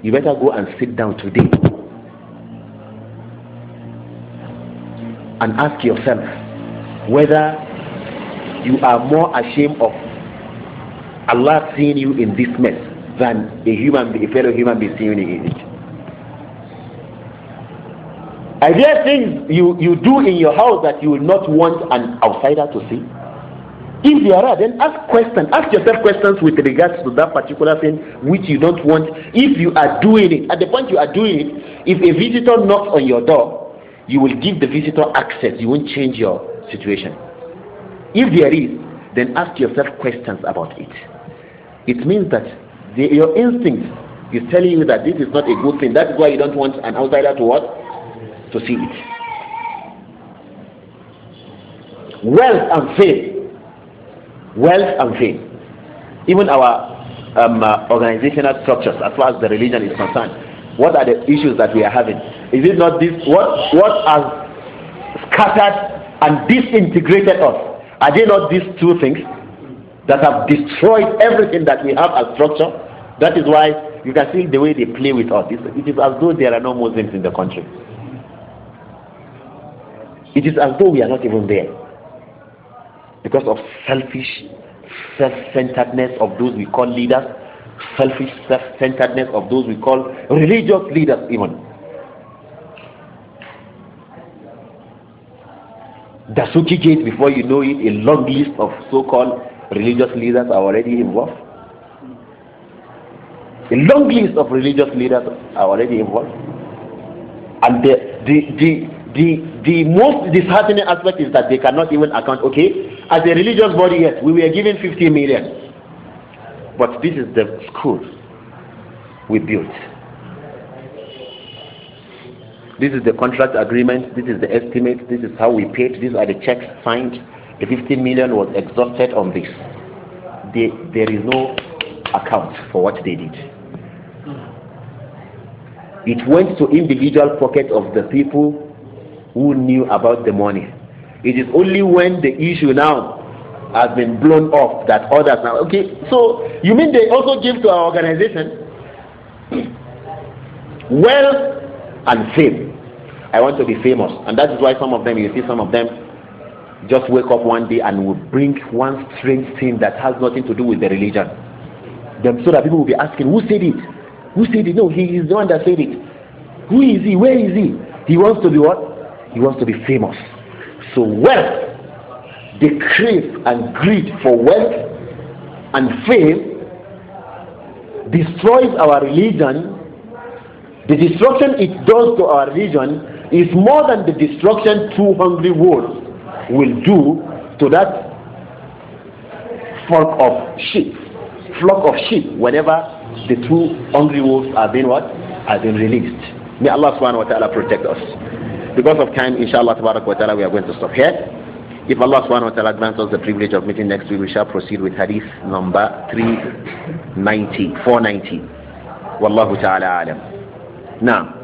you better go and sit down today and ask yourself whether you are more ashamed of Allah seeing you in this mess than a human, a fellow human being seeing you in it. Are there things you, you do in your house that you will not want an outsider to see? If there are, then ask questions. Ask yourself questions with regards to that particular thing which you don't want. If you are doing it, at the point you are doing it, if a visitor knocks on your door you will give the visitor access. You won't change your situation. If there is, then ask yourself questions about it. It means that the, your instinct is telling you that this is not a good thing. That's why you don't want an outsider to what? To see it. Wealth and fame. Wealth and fame. Even our um, uh, organizational structures, as far as the religion is concerned, what are the issues that we are having? Is it not this? What, what has scattered and disintegrated us? Are they not these two things that have destroyed everything that we have as structure? That is why you can see the way they play with us. It's, it is as though there are no Muslims in the country. It is as though we are not even there. Because of selfish, self-centeredness of those we call leaders, selfish self-centeredness of those we call religious leaders even. Dasuki Gate, before you know it, a long list of so-called religious leaders are already involved. A long list of religious leaders are already involved. And the, the, the, the, the most disheartening aspect is that they cannot even account, okay, as a religious body, yes, we were given 50 million. But this is the school we built. This is the contract agreement. This is the estimate. This is how we paid. These are the checks signed. The 15 million was exhausted on this. They, there is no account for what they did. It went to individual pockets of the people who knew about the money. It is only when the issue now has been blown off that others now. Okay, so you mean they also give to our organization? Well and fame. I want to be famous. And that is why some of them, you see some of them just wake up one day and will bring one strange thing that has nothing to do with the religion. Them so that people will be asking, who said it? Who said it? No, he is the one that said it. Who is he? Where is he? He wants to be what? He wants to be famous. So wealth, the crave and greed for wealth and fame destroys our religion. The destruction it does to our religion is more than the destruction two hungry wolves will do to that flock of sheep, flock of sheep, whenever the two hungry wolves are being what? Are being released. May Allah subhanahu wa ta'ala protect us. Because of time, inshallah tabarak wa ta'ala, we are going to stop here. If Allah subhanahu wa ta'ala grants us the privilege of meeting next week, we shall proceed with hadith number 390, 490. Wallahu ta'ala alam. Now,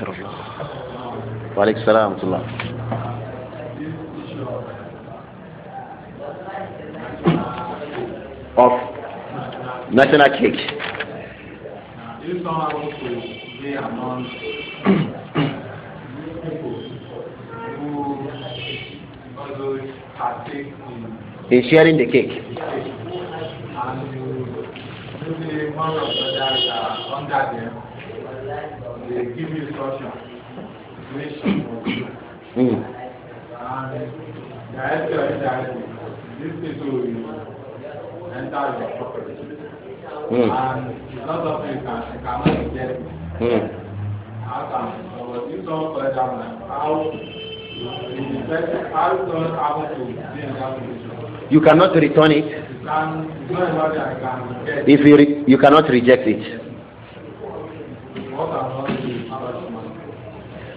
astaghfirullah wa aleykum salaam wa rahmatulah. of national cake. He's sharing the cake, and maybe one of the others are under them. they give you mm. and or indirectly this is enter your property mm. and you can you cannot get mm. how can so you how you cannot return it. You if you re- you cannot reject it. What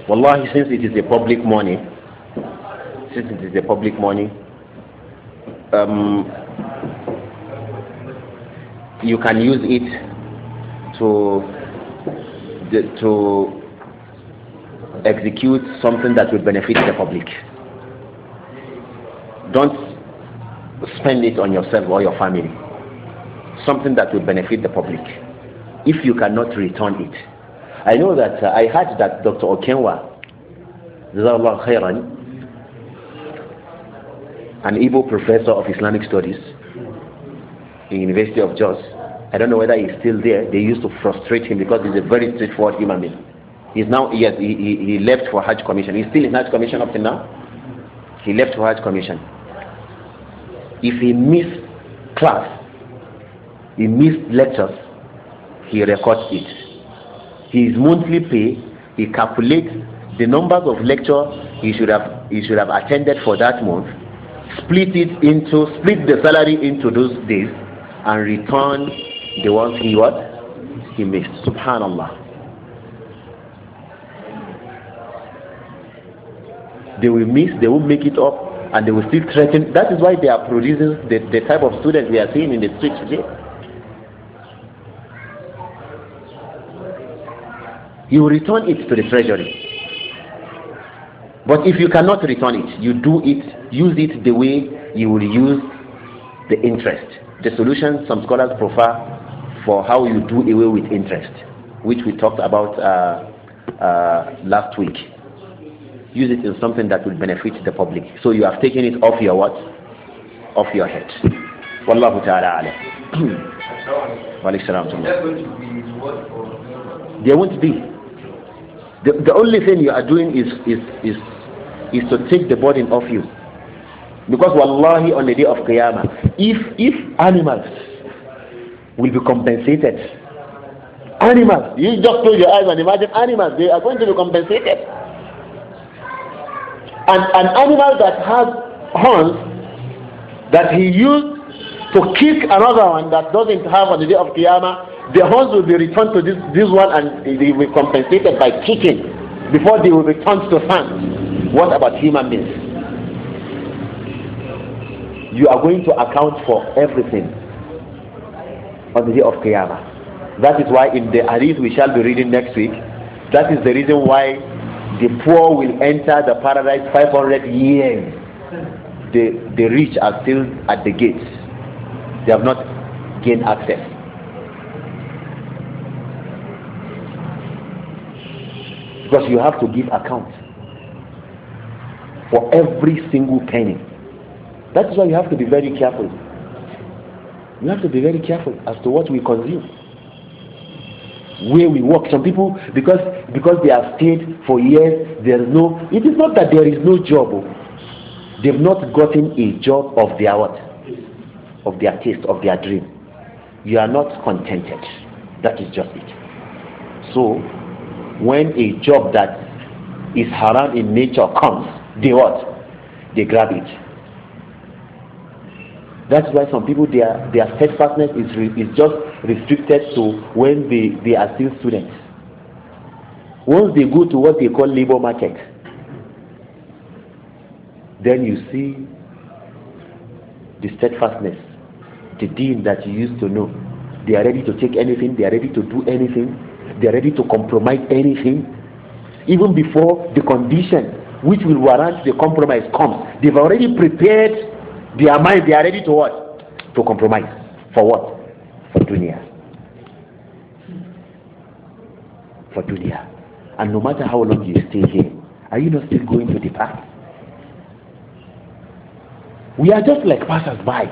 Wallahi, since it is a public money, since it is a public money, um, you can use it to to execute something that will benefit the public. Don't spend it on yourself or your family. Something that will benefit the public. If you cannot return it. I know that uh, I heard that Dr. Okenwa, Khairan, an Igbo professor of Islamic studies in University of Jos. I don't know whether he's still there. They used to frustrate him because he's a very straightforward human being. He's now yes, he, he, he left for Hajj Commission. He's still in Hajj Commission up till now. He left for Hajj Commission. If he missed class, he missed lectures, he records it his monthly pay, he calculates the numbers of lecture he should have he should have attended for that month, split it into split the salary into those days, and return the ones he what he missed. Subhanallah. They will miss, they will make it up, and they will still threaten. That is why they are producing the, the type of students we are seeing in the streets today. you return it to the treasury. But if you cannot return it, you do it, use it the way you will use the interest. The solution some scholars prefer for how you do away with interest, which we talked about uh, uh, last week. Use it in something that will benefit the public. So you have taken it off your what? Off your head. Wallahu ta'ala There won't be. The, the only thing you are doing is, is, is, is to take the burden off you. Because wallahi on the day of Qiyamah, if, if animals will be compensated, animals, you just close your eyes and imagine animals, they are going to be compensated. And an animal that has horns that he used to kick another one that doesn't have on the day of Qiyamah, their horns will be returned to this, this one and they will be compensated by kicking before they will return to sand. What about human beings? You are going to account for everything on the day of Qiyamah. That is why in the hadith we shall be reading next week, that is the reason why the poor will enter the paradise 500 years. The, the rich are still at the gates. They have not gained access. Because you have to give account for every single penny. That is why you have to be very careful. You have to be very careful as to what we consume. Where we work. Some people, because because they have stayed for years, there is no it is not that there is no job. Oh. They've not gotten a job of their what? Of their taste, of their dream. You are not contented. That is just it. So when a job that is haram in nature comes, they what? They grab it. That's why some people their their steadfastness is re, is just restricted to when they they are still students. Once they go to what they call labor market, then you see the steadfastness, the team that you used to know. They are ready to take anything. They are ready to do anything they're ready to compromise anything. Even before the condition which will warrant the compromise comes, they've already prepared their mind, they are ready to what? To compromise. For what? For dunya. For dunya. And no matter how long you stay here, are you not still going to depart? We are just like passers by.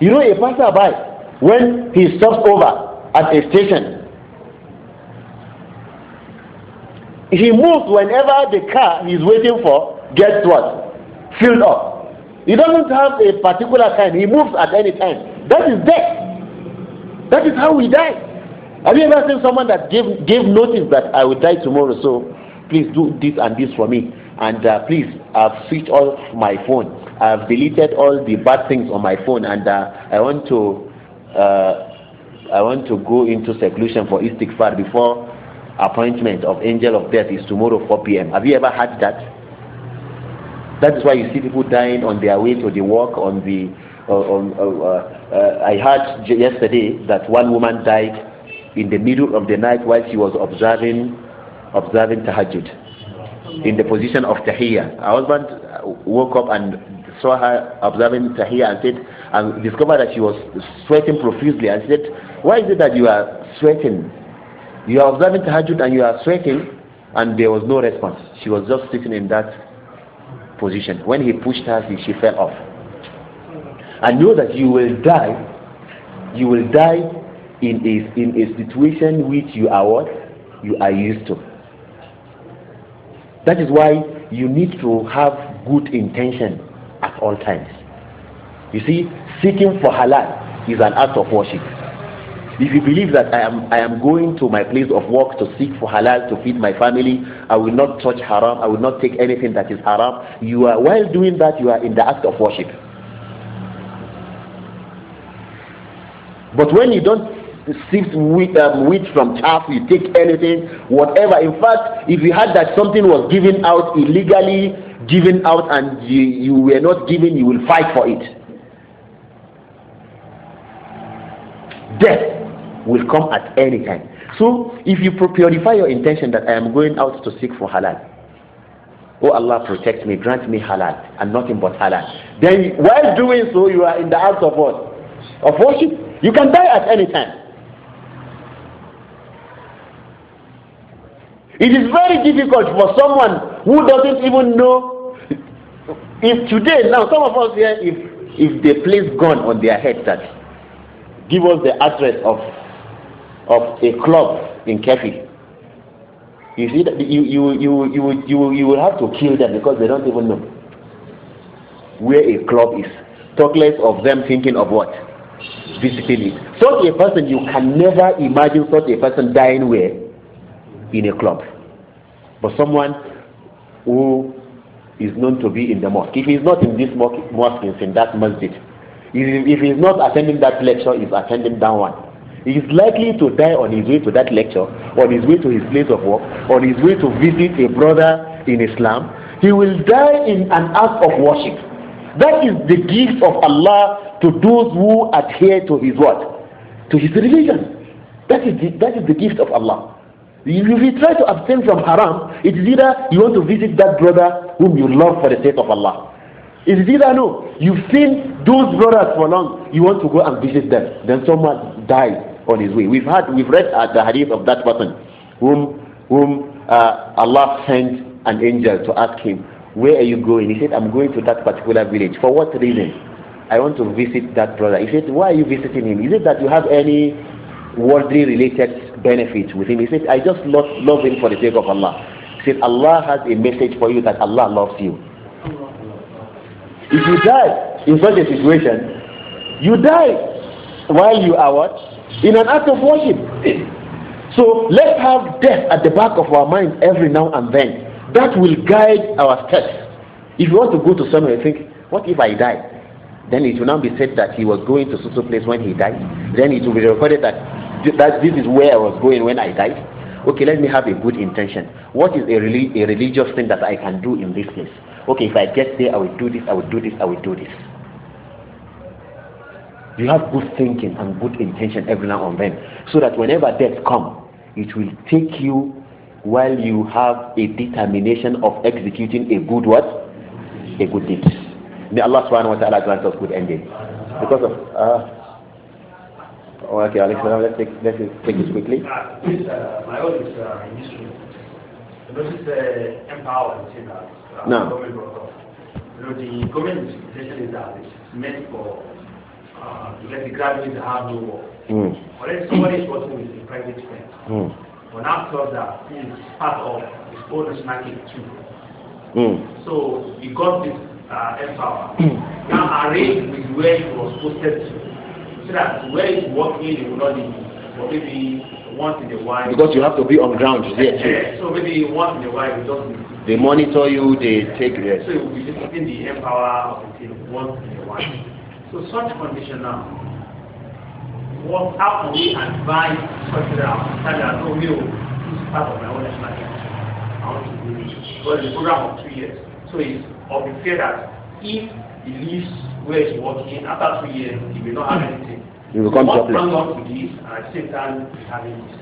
You know, a passerby when he stops over at a station. He moves whenever the car he's waiting for gets what? Filled up. He doesn't have a particular time. He moves at any time. That is death. That is how we die. Have you ever seen someone that gave, gave notice that I will die tomorrow, so please do this and this for me? And uh, please, I've switched off my phone. I've deleted all the bad things on my phone, and uh, I want to uh, I want to go into seclusion for istighfar before appointment of angel of death is tomorrow 4 p.m. Have you ever had that? That is why you see people dying on their way to the work on the. Uh, on, uh, uh, uh I heard yesterday that one woman died in the middle of the night while she was observing observing tahajjud in the position of tahiyya. Her husband woke up and saw her observing tahiyya and said, and discovered that she was sweating profusely and said, Why is it that you are sweating? You are observing tahajjud and you are sweating. And there was no response. She was just sitting in that position. When he pushed her, she fell off. I know that you will die. You will die in a, in a situation which you are what? You are used to. That is why you need to have good intention at all times. You see, seeking for halal is an act of worship. If you believe that I am, I am going to my place of work to seek for halal to feed my family, I will not touch haram, I will not take anything that is haram, you are, while doing that, you are in the act of worship. But when you don't sift wheat, um, wheat from chaff, you take anything, whatever. In fact, if you had that something was given out illegally, given out, and you, you were not given, you will fight for it. death will come at any time. So if you purify your intention that I am going out to seek for halal, oh Allah protect me, grant me halal and nothing but halal. Then while doing so, you are in the house of what? Of worship. You can die at any time. It is very difficult for someone who doesn't even know if today now some of us here if if they place gun on their head that give us the address of of a club in Kefi. You see that you you you you you you will have to kill them because they don't even know where a club is. Talk less of them thinking of what visiting it. Such a person you can never imagine such a person dying where in a club, but someone who is known to be in the mosque. If he's not in this mosque, mosque is in that masjid. If he is not attending that lecture, he is attending that one. He is likely to die on his way to that lecture, on his way to his place of work, on his way to visit a brother in Islam. He will die in an act of worship. That is the gift of Allah to those who adhere to His word, To His religion. That is the, that is the gift of Allah. If you try to abstain from haram, it is either you want to visit that brother whom you love for the sake of Allah, It's either no, you've seen those brothers for long, you want to go and visit them. Then someone died on his way. We've had, we've read at uh, the hadith of that person, whom, whom uh, Allah sent an angel to ask him, "Where are you going?" He said, "I'm going to that particular village. For what reason?" I want to visit that brother. He said, Why are you visiting him? Is it that you have any worldly related benefit with him? He said, I just love, love him for the sake of Allah. He said, Allah has a message for you that Allah loves you. If you die in such a situation, you die while you are what? In an act of worship. So let's have death at the back of our mind every now and then. That will guide our steps. If you want to go to somewhere, think, what if I die? Then it will now be said that he was going to such a place when he died. Then it will be recorded that, that this is where I was going when I died. Okay, let me have a good intention. What is a, relig- a religious thing that I can do in this place? okay, if I get there, I will do this, I will do this, I will do this. You have good thinking and good intention every now and then, so that whenever death comes, it will take you while you have a determination of executing a good what? A good deed. May Allah subhanahu wa ta'ala grant us good ending. Because of uh, Oh, okay, Alex, let's take, let's take this quickly. Ah, uh, my own is uh, in This is uh, empowered, you know. Now, you know, the government intention is meant for the graduates have no work. Mm. But if somebody is working with a private firm, mm. but now thought that he is part of his own market too. Mm. So hmm. he got this uh, empower. Now arrange with where he was posted to, so that where he's working, he will not be, or maybe once in a while. Because you have to be on ground yeah, Yeah, so maybe once in a while, you not they monitor you, they take yes. So you'll be limiting the air power of the thing once in a while. So such condition now, what, how can we advise such a that our no meal is part of my own national I want to do this. Well, the program of two years. So it's of the fear that if he leaves where he's working, after three years, he will not have anything. You will come to a place. At the same time, having this.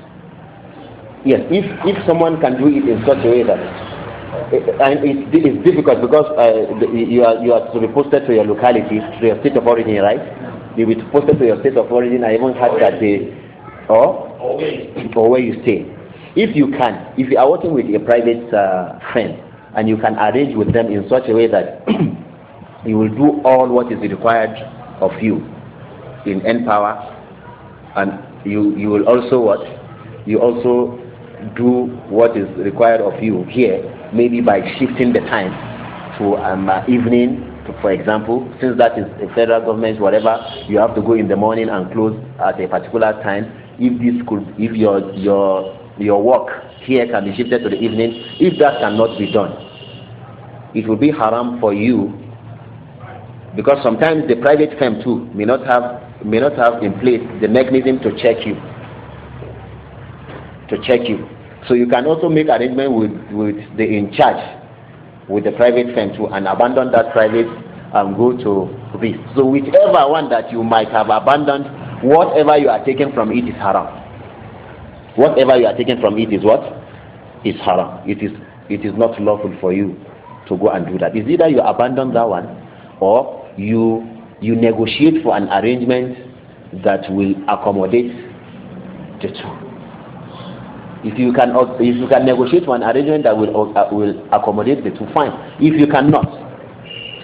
Yes, if, if someone can do it in such a way that and it is difficult because uh, you are you are to be posted to your locality, to your state of origin, right? You'll be posted to your state of origin. I even heard that the or or where you stay. If you can, if you are working with a private uh, friend, and you can arrange with them in such a way that you will do all what is required of you in empower, power, and you you will also what you also do what is required of you here maybe by shifting the time to um, uh, evening, to, for example, since that is a federal government, whatever, you have to go in the morning and close at a particular time. If this could, if your your your work here can be shifted to the evening, if that cannot be done, it will be haram for you because sometimes the private firm too may not have may not have in place the mechanism to check you to check you so you can also make arrangement with, with the in charge, with the private firm too, and abandon that private and um, go to this. So whichever one that you might have abandoned, whatever you are taking from it is haram. Whatever you are taking from it is what? Is haram. It is it is not lawful for you to go and do that. It's either you abandon that one or you you negotiate for an arrangement that will accommodate the two. If you can, uh, if you can negotiate one arrangement that will, uh, will accommodate the two, fine. If you cannot,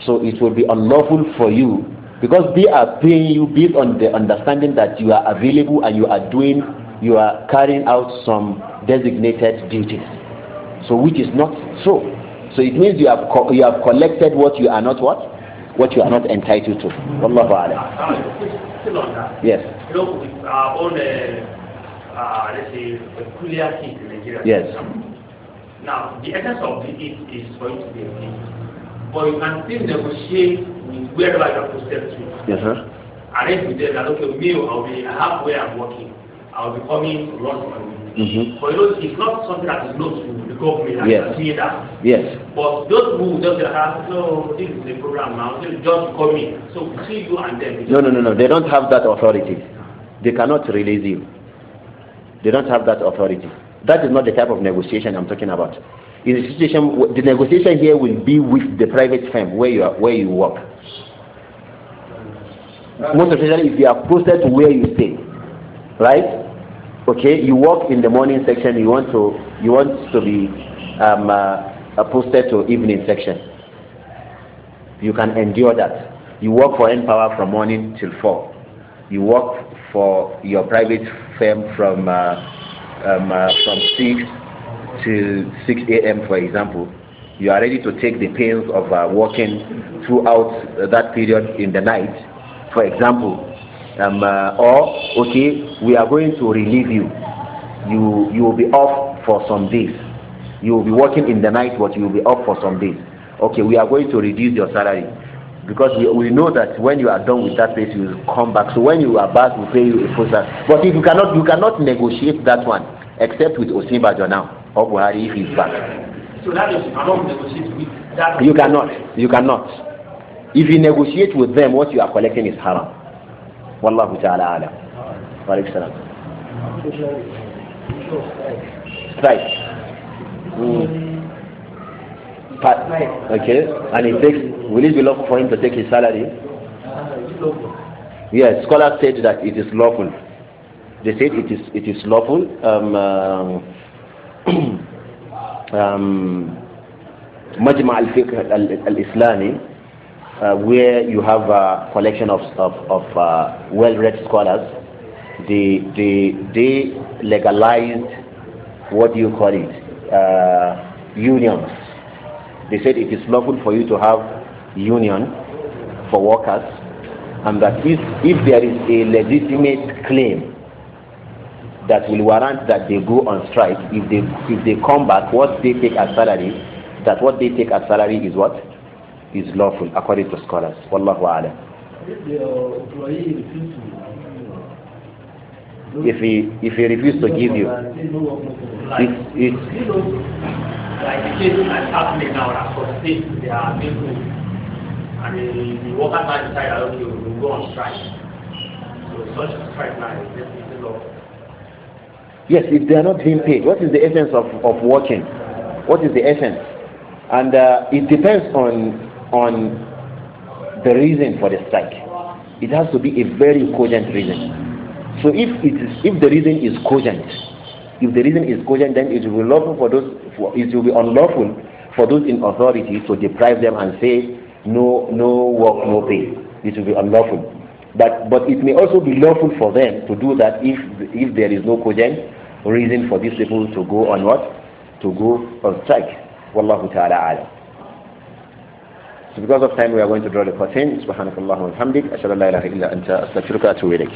so it will be unlawful for you because they are paying you based on the understanding that you are available and you are doing, you are carrying out some designated duties. So which is not so. So it means you have you have collected what you are not what, what you are not entitled to. Yes uh, let's say, peculiar thing in Nigeria. Yes. Now, the essence of it is is going to be a But you can still negotiate with wherever you are to step to. Yes, sir. Arrange with them that, okay, me, I'll be halfway. I'm working. I'll be coming run from Mm-hmm. But you know, it's not something that is known to the government. I yes. see that. Yes. But those who just have ah, no, this is the program now. They just come in. So between you and them. No, no, no, no. They don't have that authority. They cannot release you. They don't have that authority. That is not the type of negotiation I'm talking about. In the situation, the negotiation here will be with the private firm where you are, where you work. Most especially if you are posted to where you stay, right? Okay, you work in the morning section. You want to you want to be um, uh, posted to evening section. You can endure that. You work for N power from morning till four. You work for your private firm from uh, um, uh, from six to six a.m. for example, you are ready to take the pains of uh, working throughout uh, that period in the night, for example, um, uh, or okay, we are going to relieve you. You you will be off for some days. You will be working in the night, but you will be off for some days. Okay, we are going to reduce your salary because we, we know that when you are done with that place you will come back so when you are back we pay you a full salary but if you cannot you cannot negotiate that one except with osinbajo now or buhari if he is back. so that is you cannot negotiate with that. you cannot you cannot if you negotiate with them what you are collecting is haram wallahu ta'ala alam wa alaykum salam. strike. Mm. part. Okay, and he takes. Will it be lawful for him to take his salary? Yes, scholars said that it is lawful. They said it is it is lawful. Um, uh, um, Majma al Fiqh al Islami, uh, where you have a collection of of, of uh, well-read scholars, they they they legalized what do you call it uh, unions they said it is lawful for you to have union for workers and that if, if there is a legitimate claim that will warrant that they go on strike, if they, if they come back, what they take as salary, that what they take as salary is what? Is lawful according to scholars. Wallahu alam. If the employee refuses if he if he refuses to give you. It's, it's like the case that's happening now that for states they are able and the, the workers now decide that okay we'll go on strike. So such a strike now Yes, if they are not being paid, what is the essence of, of working? What is the essence? And uh, it depends on on the reason for the strike. It has to be a very cogent reason. So if it is, if the reason is cogent, if the reason is cogent, then it will be lawful for those, for, it will be unlawful for those in authority to deprive them and say no, no work, no pay. It will be unlawful. But but it may also be lawful for them to do that if if there is no cogent reason for these people to go on what, to go on strike. Wallahu ta'ala alam. So because of time we are going to draw the curtain. سبحانك اللهم وبحمدك أشهد أن لا إله إلا أنت أستغفرك وأتوب إليك